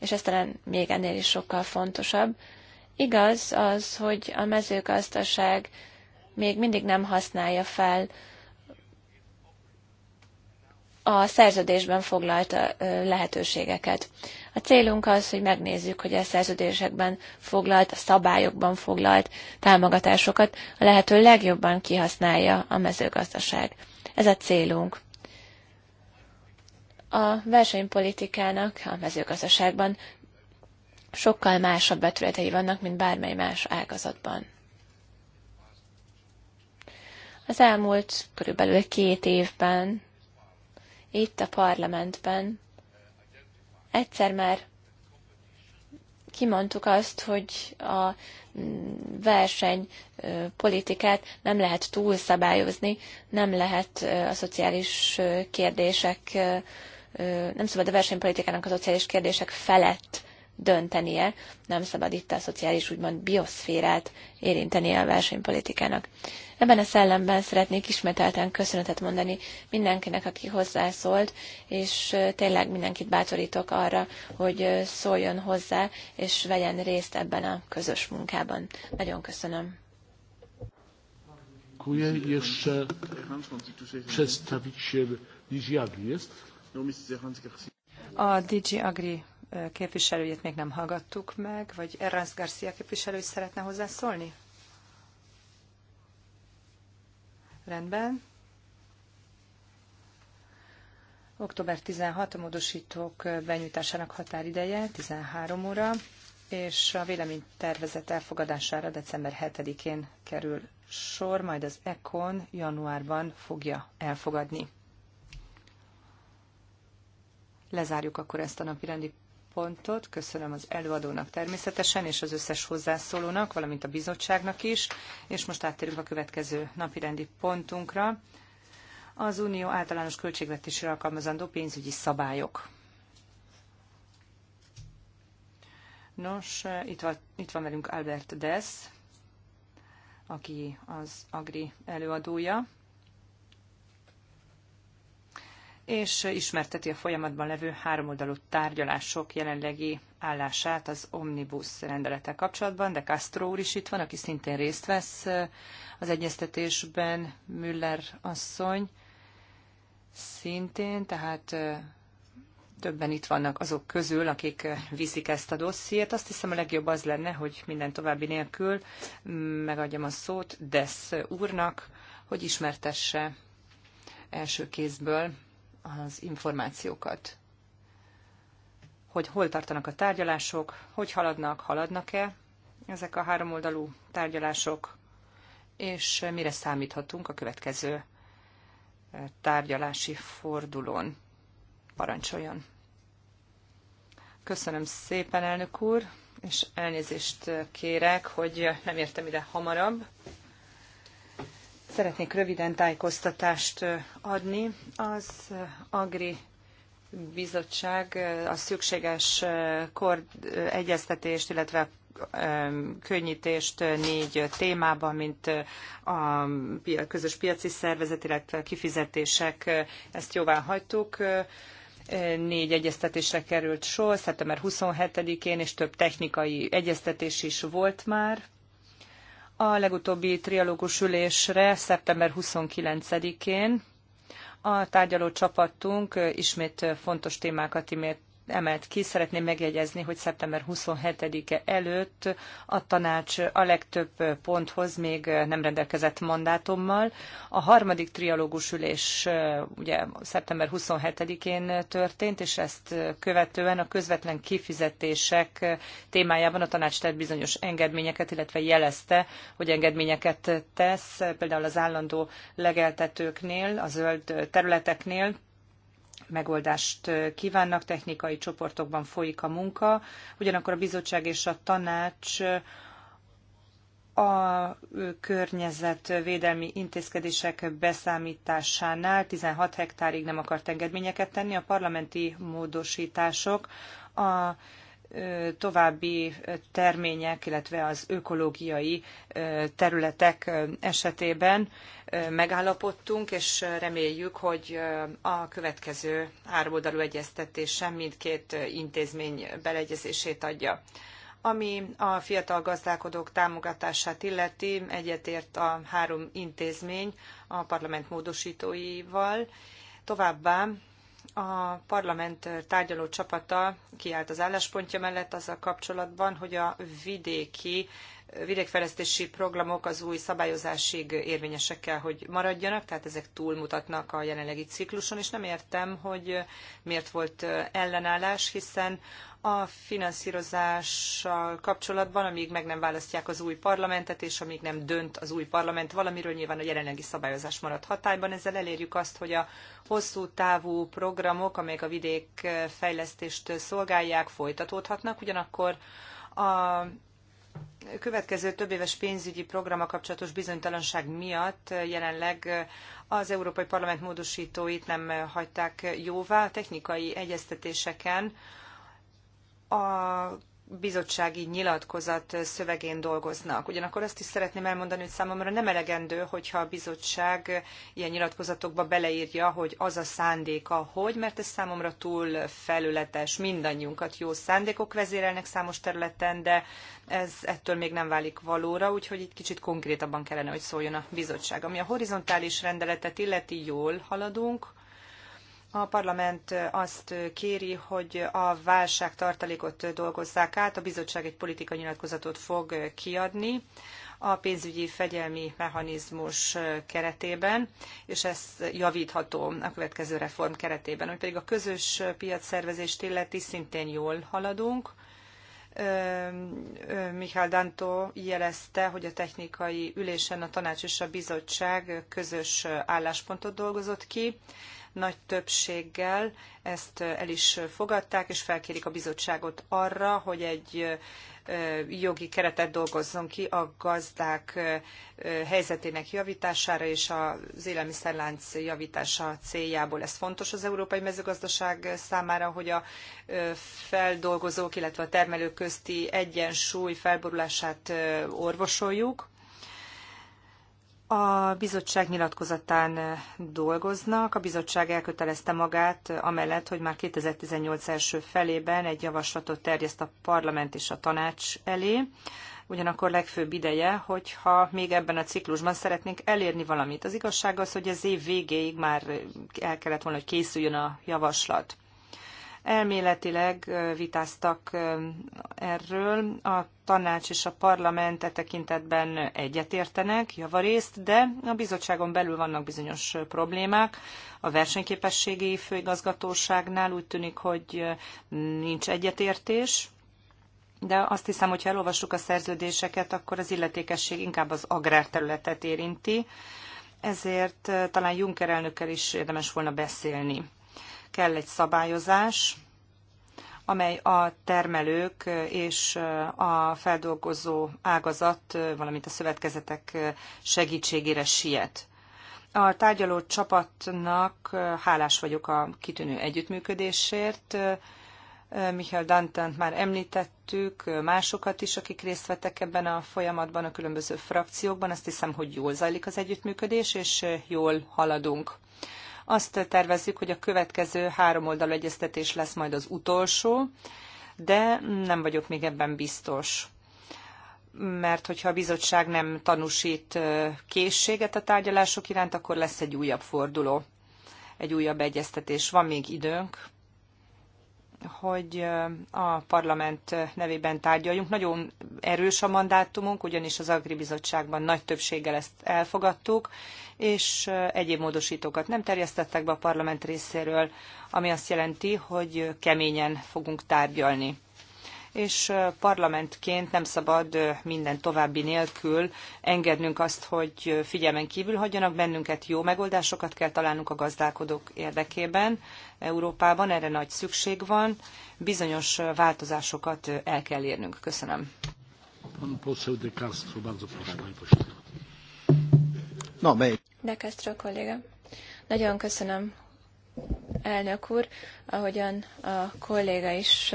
C: és ez talán még ennél is sokkal fontosabb, Igaz az, hogy a mezőgazdaság még mindig nem használja fel a szerződésben foglalt lehetőségeket. A célunk az, hogy megnézzük, hogy a szerződésekben foglalt, a szabályokban foglalt támogatásokat a lehető legjobban kihasználja a mezőgazdaság. Ez a célunk. A versenypolitikának a mezőgazdaságban sokkal másabb betületei vannak, mint bármely más ágazatban. Az elmúlt körülbelül két évben, itt a parlamentben, egyszer már kimondtuk azt, hogy a versenypolitikát nem lehet túlszabályozni, nem lehet a szociális kérdések, nem szabad a versenypolitikának a szociális kérdések felett döntenie, nem szabad itt a szociális úgymond bioszférát érintenie a versenypolitikának. Ebben a szellemben szeretnék ismételten köszönetet mondani mindenkinek, aki hozzászólt, és tényleg mindenkit bátorítok arra, hogy szóljon hozzá, és vegyen részt ebben a közös munkában. Nagyon köszönöm.
A: Dziękuję. Jeszcze przedstawiciel Agri jest?
B: A Digi Agri képviselőjét még nem hallgattuk meg, vagy Erranz Garcia képviselő is szeretne hozzászólni? Rendben. Október 16 a módosítók benyújtásának határideje 13 óra, és a véleménytervezet elfogadására december 7-én kerül sor, majd az ECON januárban fogja elfogadni. Lezárjuk akkor ezt a rendi pontot. Köszönöm az előadónak természetesen, és az összes hozzászólónak, valamint a bizottságnak is. És most áttérünk a következő napirendi pontunkra. Az Unió általános költségvetésre alkalmazandó pénzügyi szabályok. Nos, itt van, itt van velünk Albert Dess, aki az Agri előadója és ismerteti a folyamatban levő háromoldalú tárgyalások jelenlegi állását az Omnibus rendelete kapcsolatban, de Castro úr is itt van, aki szintén részt vesz eh, az egyeztetésben, Müller asszony szintén, tehát eh, többen itt vannak azok közül, akik eh, viszik ezt a dossziét. Azt hiszem a legjobb az lenne, hogy minden további nélkül mm, megadjam a szót Desz úrnak, hogy ismertesse első kézből az információkat. Hogy hol tartanak a tárgyalások, hogy haladnak, haladnak-e ezek a háromoldalú tárgyalások, és mire számíthatunk a következő eh, tárgyalási fordulón. Parancsoljon! Köszönöm szépen, elnök úr, és elnézést kérek, hogy nem értem ide hamarabb. Szeretnék röviden tájékoztatást adni. Az Agri Bizottság a szükséges kord egyeztetést, illetve könnyítést négy témában, mint a közös piaci szervezet, illetve kifizetések, ezt jóvá hagytuk négy egyeztetésre került sor, szeptember 27-én, és több technikai egyeztetés is volt már. A legutóbbi trialógus ülésre szeptember 29-én a tárgyaló csapatunk ismét fontos témákat emelt ki. Szeretném megjegyezni, hogy szeptember 27-e előtt a tanács a legtöbb ponthoz még nem rendelkezett mandátummal. A harmadik trialógus ülés ugye szeptember 27-én történt, és ezt követően a közvetlen kifizetések témájában a tanács tett bizonyos engedményeket, illetve jelezte, hogy engedményeket tesz, például az állandó legeltetőknél, a zöld területeknél, megoldást kívánnak, technikai csoportokban folyik a munka, ugyanakkor a bizottság és a tanács a környezetvédelmi intézkedések beszámításánál 16 hektárig nem akart engedményeket tenni, a parlamenti módosítások a további termények, illetve az ökológiai területek esetében megállapodtunk, és reméljük, hogy a következő egyeztetés egyeztetésen mindkét intézmény beleegyezését adja. Ami a fiatal gazdálkodók támogatását illeti, egyetért a három intézmény a parlament módosítóival, továbbá a parlament tárgyaló csapata kiállt az álláspontja mellett azzal kapcsolatban, hogy a vidéki vidékfejlesztési programok az új szabályozásig érvényesek kell, hogy maradjanak, tehát ezek túlmutatnak a jelenlegi cikluson, és nem értem, hogy miért volt ellenállás, hiszen a finanszírozással kapcsolatban, amíg meg nem választják az új parlamentet, és amíg nem dönt az új parlament valamiről, nyilván a jelenlegi szabályozás marad hatályban. Ezzel elérjük azt, hogy a hosszú távú programok, amelyek a vidék fejlesztést szolgálják, folytatódhatnak, ugyanakkor a következő több éves pénzügyi programa kapcsolatos bizonytalanság miatt jelenleg az Európai Parlament módosítóit nem hagyták jóvá technikai egyeztetéseken, a bizottsági nyilatkozat szövegén dolgoznak. Ugyanakkor azt is szeretném elmondani, hogy számomra nem elegendő, hogyha a bizottság ilyen nyilatkozatokba beleírja, hogy az a szándéka, hogy, mert ez számomra túl felületes, mindannyiunkat jó szándékok vezérelnek számos területen, de ez ettől még nem válik valóra, úgyhogy itt kicsit konkrétabban kellene, hogy szóljon a bizottság. Ami a horizontális rendeletet illeti, jól haladunk, a parlament azt kéri, hogy a válságtartalékot dolgozzák át, a bizottság egy politikai nyilatkozatot fog kiadni a pénzügyi fegyelmi mechanizmus keretében, és ez javítható a következő reform keretében. Ami pedig a közös piac szervezést illeti, szintén jól haladunk. Mihály Danto jelezte, hogy a technikai ülésen a tanács és a bizottság közös álláspontot dolgozott ki nagy többséggel ezt el is fogadták, és felkérik a bizottságot arra, hogy egy jogi keretet dolgozzon ki a gazdák helyzetének javítására és az élelmiszerlánc javítása céljából. Ez fontos az európai mezőgazdaság számára, hogy a feldolgozók, illetve a termelők közti egyensúly felborulását orvosoljuk a bizottság nyilatkozatán dolgoznak. A bizottság elkötelezte magát amellett, hogy már 2018 első felében egy javaslatot terjeszt a parlament és a tanács elé. Ugyanakkor legfőbb ideje, hogyha még ebben a ciklusban szeretnénk elérni valamit. Az igazság az, hogy az év végéig már el kellett volna, hogy készüljön a javaslat. Elméletileg vitáztak erről, a tanács és a parlament e tekintetben egyetértenek javarészt, de a bizottságon belül vannak bizonyos problémák. A versenyképességi főigazgatóságnál úgy tűnik, hogy nincs egyetértés, de azt hiszem, hogy ha elolvassuk a szerződéseket, akkor az illetékesség inkább az agrárterületet érinti, ezért talán Juncker elnökkel is érdemes volna beszélni kell egy szabályozás, amely a termelők és a feldolgozó ágazat, valamint a szövetkezetek segítségére siet. A tárgyaló csapatnak hálás vagyok a kitűnő együttműködésért. Michael Dantant már említettük, másokat is, akik részt vettek ebben a folyamatban, a különböző frakciókban. Azt hiszem, hogy jól zajlik az együttműködés, és jól haladunk. Azt tervezzük, hogy a következő három oldal egyeztetés lesz majd az utolsó, de nem vagyok még ebben biztos mert hogyha a bizottság nem tanúsít készséget a tárgyalások iránt, akkor lesz egy újabb forduló, egy újabb egyeztetés. Van még időnk, hogy a parlament nevében tárgyaljunk. Nagyon erős a mandátumunk, ugyanis az Agri Bizottságban nagy többséggel ezt elfogadtuk, és egyéb módosítókat nem terjesztettek be a parlament részéről, ami azt jelenti, hogy keményen fogunk tárgyalni és parlamentként nem szabad minden további nélkül engednünk azt, hogy figyelmen kívül hagyjanak bennünket, jó megoldásokat kell találnunk a gazdálkodók érdekében Európában, erre nagy szükség van, bizonyos változásokat el kell érnünk. Köszönöm. De Castro kolléga,
C: nagyon köszönöm, elnök úr, ahogyan a kolléga is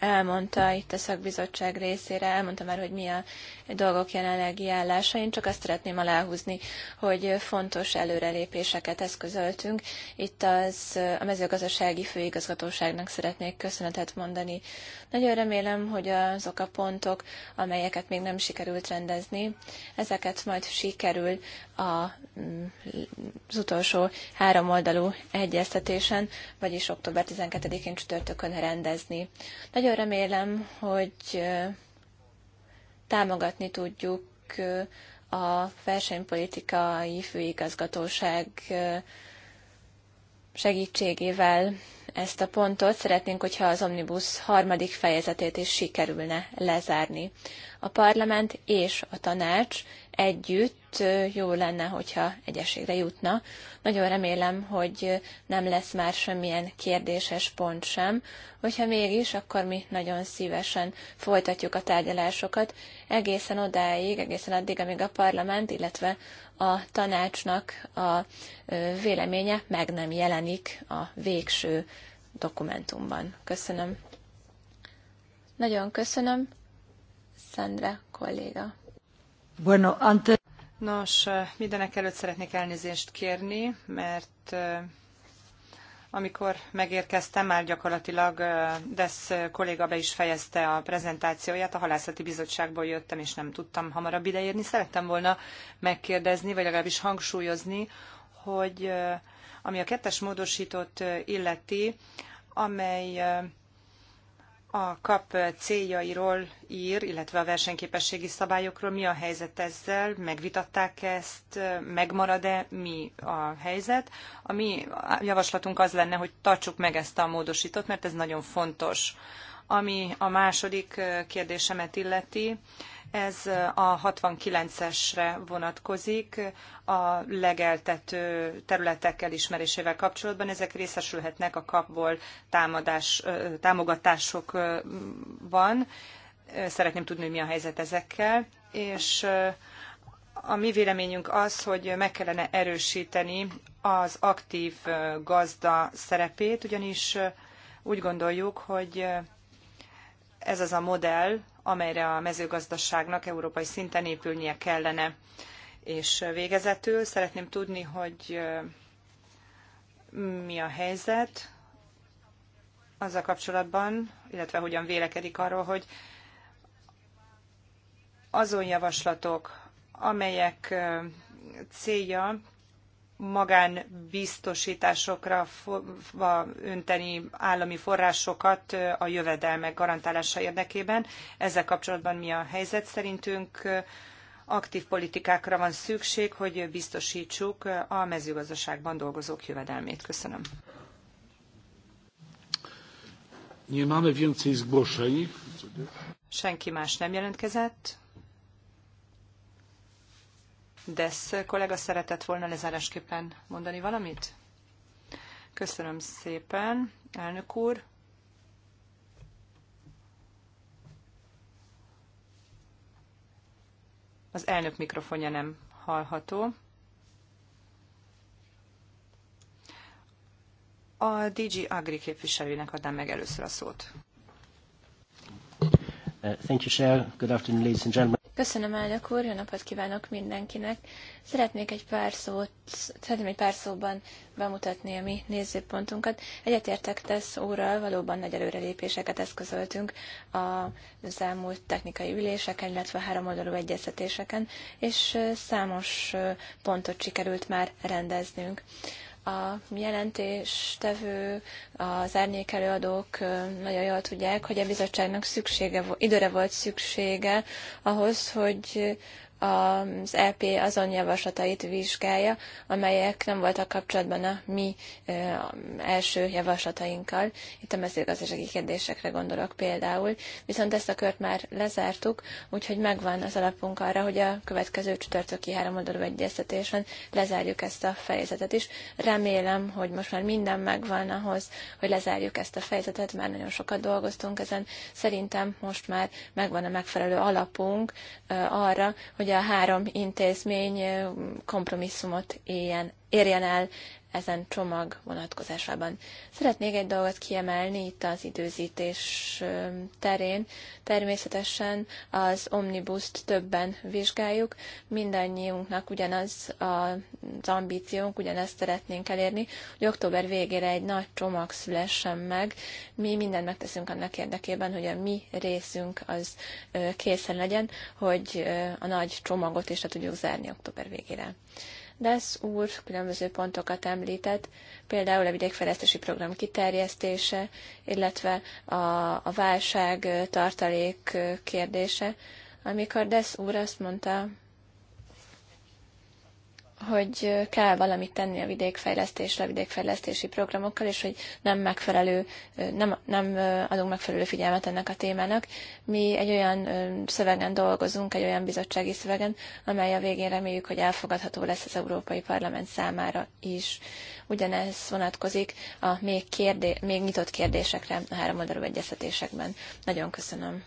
C: elmondta itt a szakbizottság részére, elmondta már, hogy mi a dolgok jelenlegi állása. Én csak azt szeretném aláhúzni, hogy fontos előrelépéseket eszközöltünk. Itt az, a mezőgazdasági főigazgatóságnak szeretnék köszönetet mondani. Nagyon remélem, hogy azok a pontok, amelyeket még nem sikerült rendezni, ezeket majd sikerül a, az utolsó három oldalú egyeztetésen, vagyis október 12-én csütörtökön rendezni. Nagyon nagyon remélem, hogy támogatni tudjuk a versenypolitikai főigazgatóság segítségével ezt a pontot. Szeretnénk, hogyha az Omnibus harmadik fejezetét is sikerülne lezárni. A parlament és a tanács együtt jó lenne, hogyha egyességre jutna. Nagyon remélem, hogy nem lesz már semmilyen kérdéses pont sem. Hogyha mégis, akkor mi nagyon szívesen folytatjuk a tárgyalásokat egészen odáig, egészen addig, amíg a parlament, illetve a tanácsnak a véleménye meg nem jelenik a végső dokumentumban.
B: Köszönöm. Nagyon köszönöm, Szandra kolléga. Nos, mindenek előtt szeretnék elnézést kérni, mert amikor megérkeztem, már gyakorlatilag Desz kolléga be is fejezte a prezentációját, a halászati bizottságból jöttem, és nem tudtam hamarabb ideérni. Szerettem volna megkérdezni, vagy legalábbis hangsúlyozni, hogy ami a kettes módosítót illeti, amely a kap céljairól ír, illetve a versenyképességi szabályokról. Mi a helyzet ezzel? Megvitatták ezt? Megmarad-e? Mi a helyzet? A mi javaslatunk az lenne, hogy tartsuk meg ezt a módosítót, mert ez nagyon fontos ami a második kérdésemet illeti, ez a 69-esre vonatkozik a legeltető területek elismerésével kapcsolatban. Ezek részesülhetnek a kapból támadás, támogatásokban. Szeretném tudni, hogy mi a helyzet ezekkel. És a mi véleményünk az, hogy meg kellene erősíteni az aktív gazda szerepét, ugyanis úgy gondoljuk, hogy ez az a modell, amelyre a mezőgazdaságnak európai szinten épülnie kellene. És végezetül szeretném tudni, hogy mi a helyzet azzal kapcsolatban, illetve hogyan vélekedik arról, hogy azon javaslatok, amelyek célja magánbiztosításokra önteni állami forrásokat a jövedelmek garantálása érdekében. Ezzel kapcsolatban mi a helyzet szerintünk? Aktív politikákra van szükség, hogy biztosítsuk a mezőgazdaságban dolgozók jövedelmét. Köszönöm.
A: Nie mamy więcej zgłoszeń.
B: Senki más nem jelentkezett. Desz kollega szeretett volna lezárásképpen mondani valamit? Köszönöm szépen, elnök úr. Az elnök mikrofonja nem hallható. A DG Agri képviselőnek adnám meg először a
E: szót. Uh, thank you, Chair. Good afternoon, ladies and gentlemen.
C: Köszönöm, elnök úr, jó napot kívánok mindenkinek. Szeretnék egy pár szót, szeretném egy pár szóban bemutatni a mi nézőpontunkat. Egyetértek tesz úrral, valóban nagy előrelépéseket eszközöltünk az elmúlt technikai üléseken, illetve három oldalú egyeztetéseken, és számos pontot sikerült már rendeznünk a jelentéstevő, az árnyékelőadók nagyon jól tudják, hogy a bizottságnak szüksége, időre volt szüksége ahhoz, hogy az EP azon javaslatait vizsgálja, amelyek nem voltak kapcsolatban a mi első javaslatainkkal. Itt a mezőgazdasági kérdésekre gondolok például. Viszont ezt a kört már lezártuk, úgyhogy megvan az alapunk arra, hogy a következő csütörtöki háromoldalú egyeztetésen lezárjuk ezt a fejezetet is. Remélem, hogy most már minden megvan ahhoz, hogy lezárjuk ezt a fejezetet, már nagyon sokat dolgoztunk ezen. Szerintem most már megvan a megfelelő alapunk arra, hogy hogy a három intézmény kompromisszumot éljen, érjen el ezen csomag vonatkozásában. Szeretnék egy dolgot kiemelni itt az időzítés terén. Természetesen az omnibuszt többen vizsgáljuk, mindannyiunknak ugyanaz az ambíciónk, ugyanezt szeretnénk elérni, hogy október végére egy nagy csomag szülessen meg. Mi mindent megteszünk annak érdekében, hogy a mi részünk az készen legyen, hogy a nagy csomagot is le tudjuk zárni október végére. Desz úr különböző pontokat említett, például a vidékfejlesztési program kiterjesztése, illetve a, a válság tartalék kérdése, amikor Desz úr azt mondta, hogy kell valamit tenni a vidékfejlesztésre, a vidékfejlesztési programokkal, és hogy nem megfelelő, nem, nem adunk megfelelő figyelmet ennek a témának. Mi egy olyan szövegen dolgozunk, egy olyan bizottsági szövegen, amely a végén reméljük, hogy elfogadható lesz az Európai Parlament számára is. Ugyanez vonatkozik a még, kérdé, még nyitott kérdésekre a három oldalú egyeztetésekben. Nagyon köszönöm.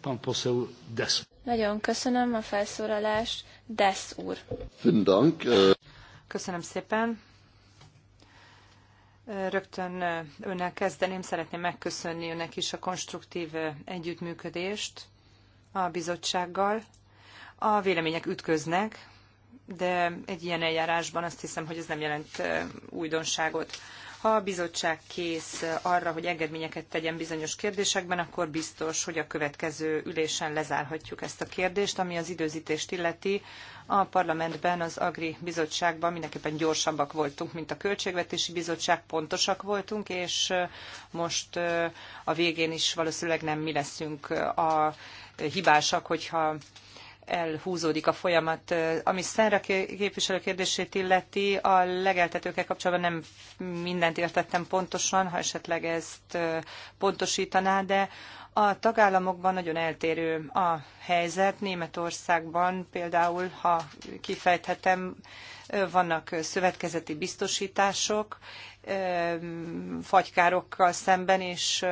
A: Pan poseł
C: nagyon köszönöm a felszólalást, Desz úr.
A: Äh,
B: köszönöm szépen. Rögtön önnel kezdeném, szeretném megköszönni önnek is a konstruktív együttműködést a bizottsággal. A vélemények ütköznek, de egy ilyen eljárásban azt hiszem, hogy ez nem jelent újdonságot. Ha a bizottság kész arra, hogy engedményeket tegyen bizonyos kérdésekben, akkor biztos, hogy a következő ülésen lezárhatjuk ezt a kérdést, ami az időzítést illeti. A parlamentben, az Agri Bizottságban mindenképpen gyorsabbak voltunk, mint a Költségvetési Bizottság, pontosak voltunk, és most a végén is valószínűleg nem mi leszünk a hibásak, hogyha elhúzódik a folyamat. Ami Szenra képviselő kérdését illeti, a legeltetőkkel kapcsolatban nem mindent értettem pontosan, ha esetleg ezt pontosítaná, de a tagállamokban nagyon eltérő a helyzet. Németországban például, ha kifejthetem, vannak szövetkezeti biztosítások, fagykárokkal szemben, és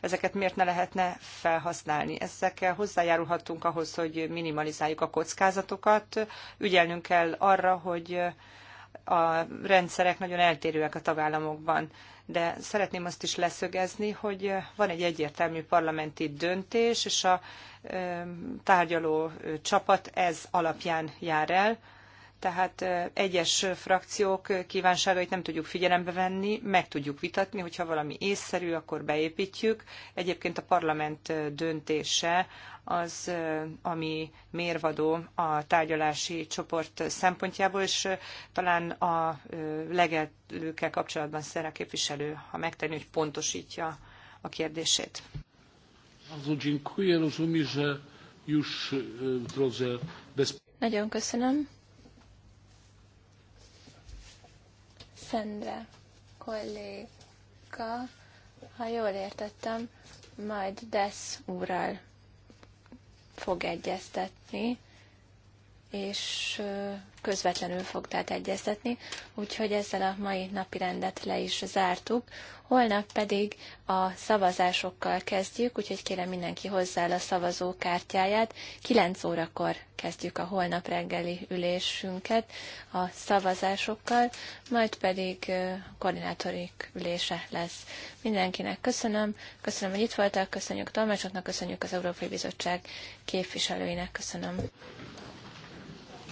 B: ezeket miért ne lehetne felhasználni. Ezekkel hozzájárulhatunk ahhoz, hogy minimalizáljuk a kockázatokat. Ügyelnünk kell arra, hogy a rendszerek nagyon eltérőek a tagállamokban. De szeretném azt is leszögezni, hogy van egy egyértelmű parlamenti döntés, és a tárgyaló csapat ez alapján jár el tehát egyes frakciók kívánságait nem tudjuk figyelembe venni, meg tudjuk vitatni, hogyha valami észszerű, akkor beépítjük. Egyébként a parlament döntése az, ami mérvadó a tárgyalási csoport szempontjából, és talán a legelőkkel kapcsolatban Szerá képviselő, ha megtenni, hogy pontosítja a kérdését.
A: Nagyon köszönöm.
C: Szendre kolléga, ha jól értettem, majd Desz úrral fog egyeztetni és közvetlenül fog tehát egyeztetni, úgyhogy ezzel a mai napi rendet le is zártuk. Holnap pedig a szavazásokkal kezdjük, úgyhogy kérem mindenki hozzá a szavazókártyáját. 9 órakor kezdjük a holnap reggeli ülésünket a szavazásokkal, majd pedig koordinátorik ülése lesz. Mindenkinek köszönöm, köszönöm, hogy itt voltak, köszönjük a tolmácsoknak, köszönjük az Európai Bizottság képviselőinek, köszönöm.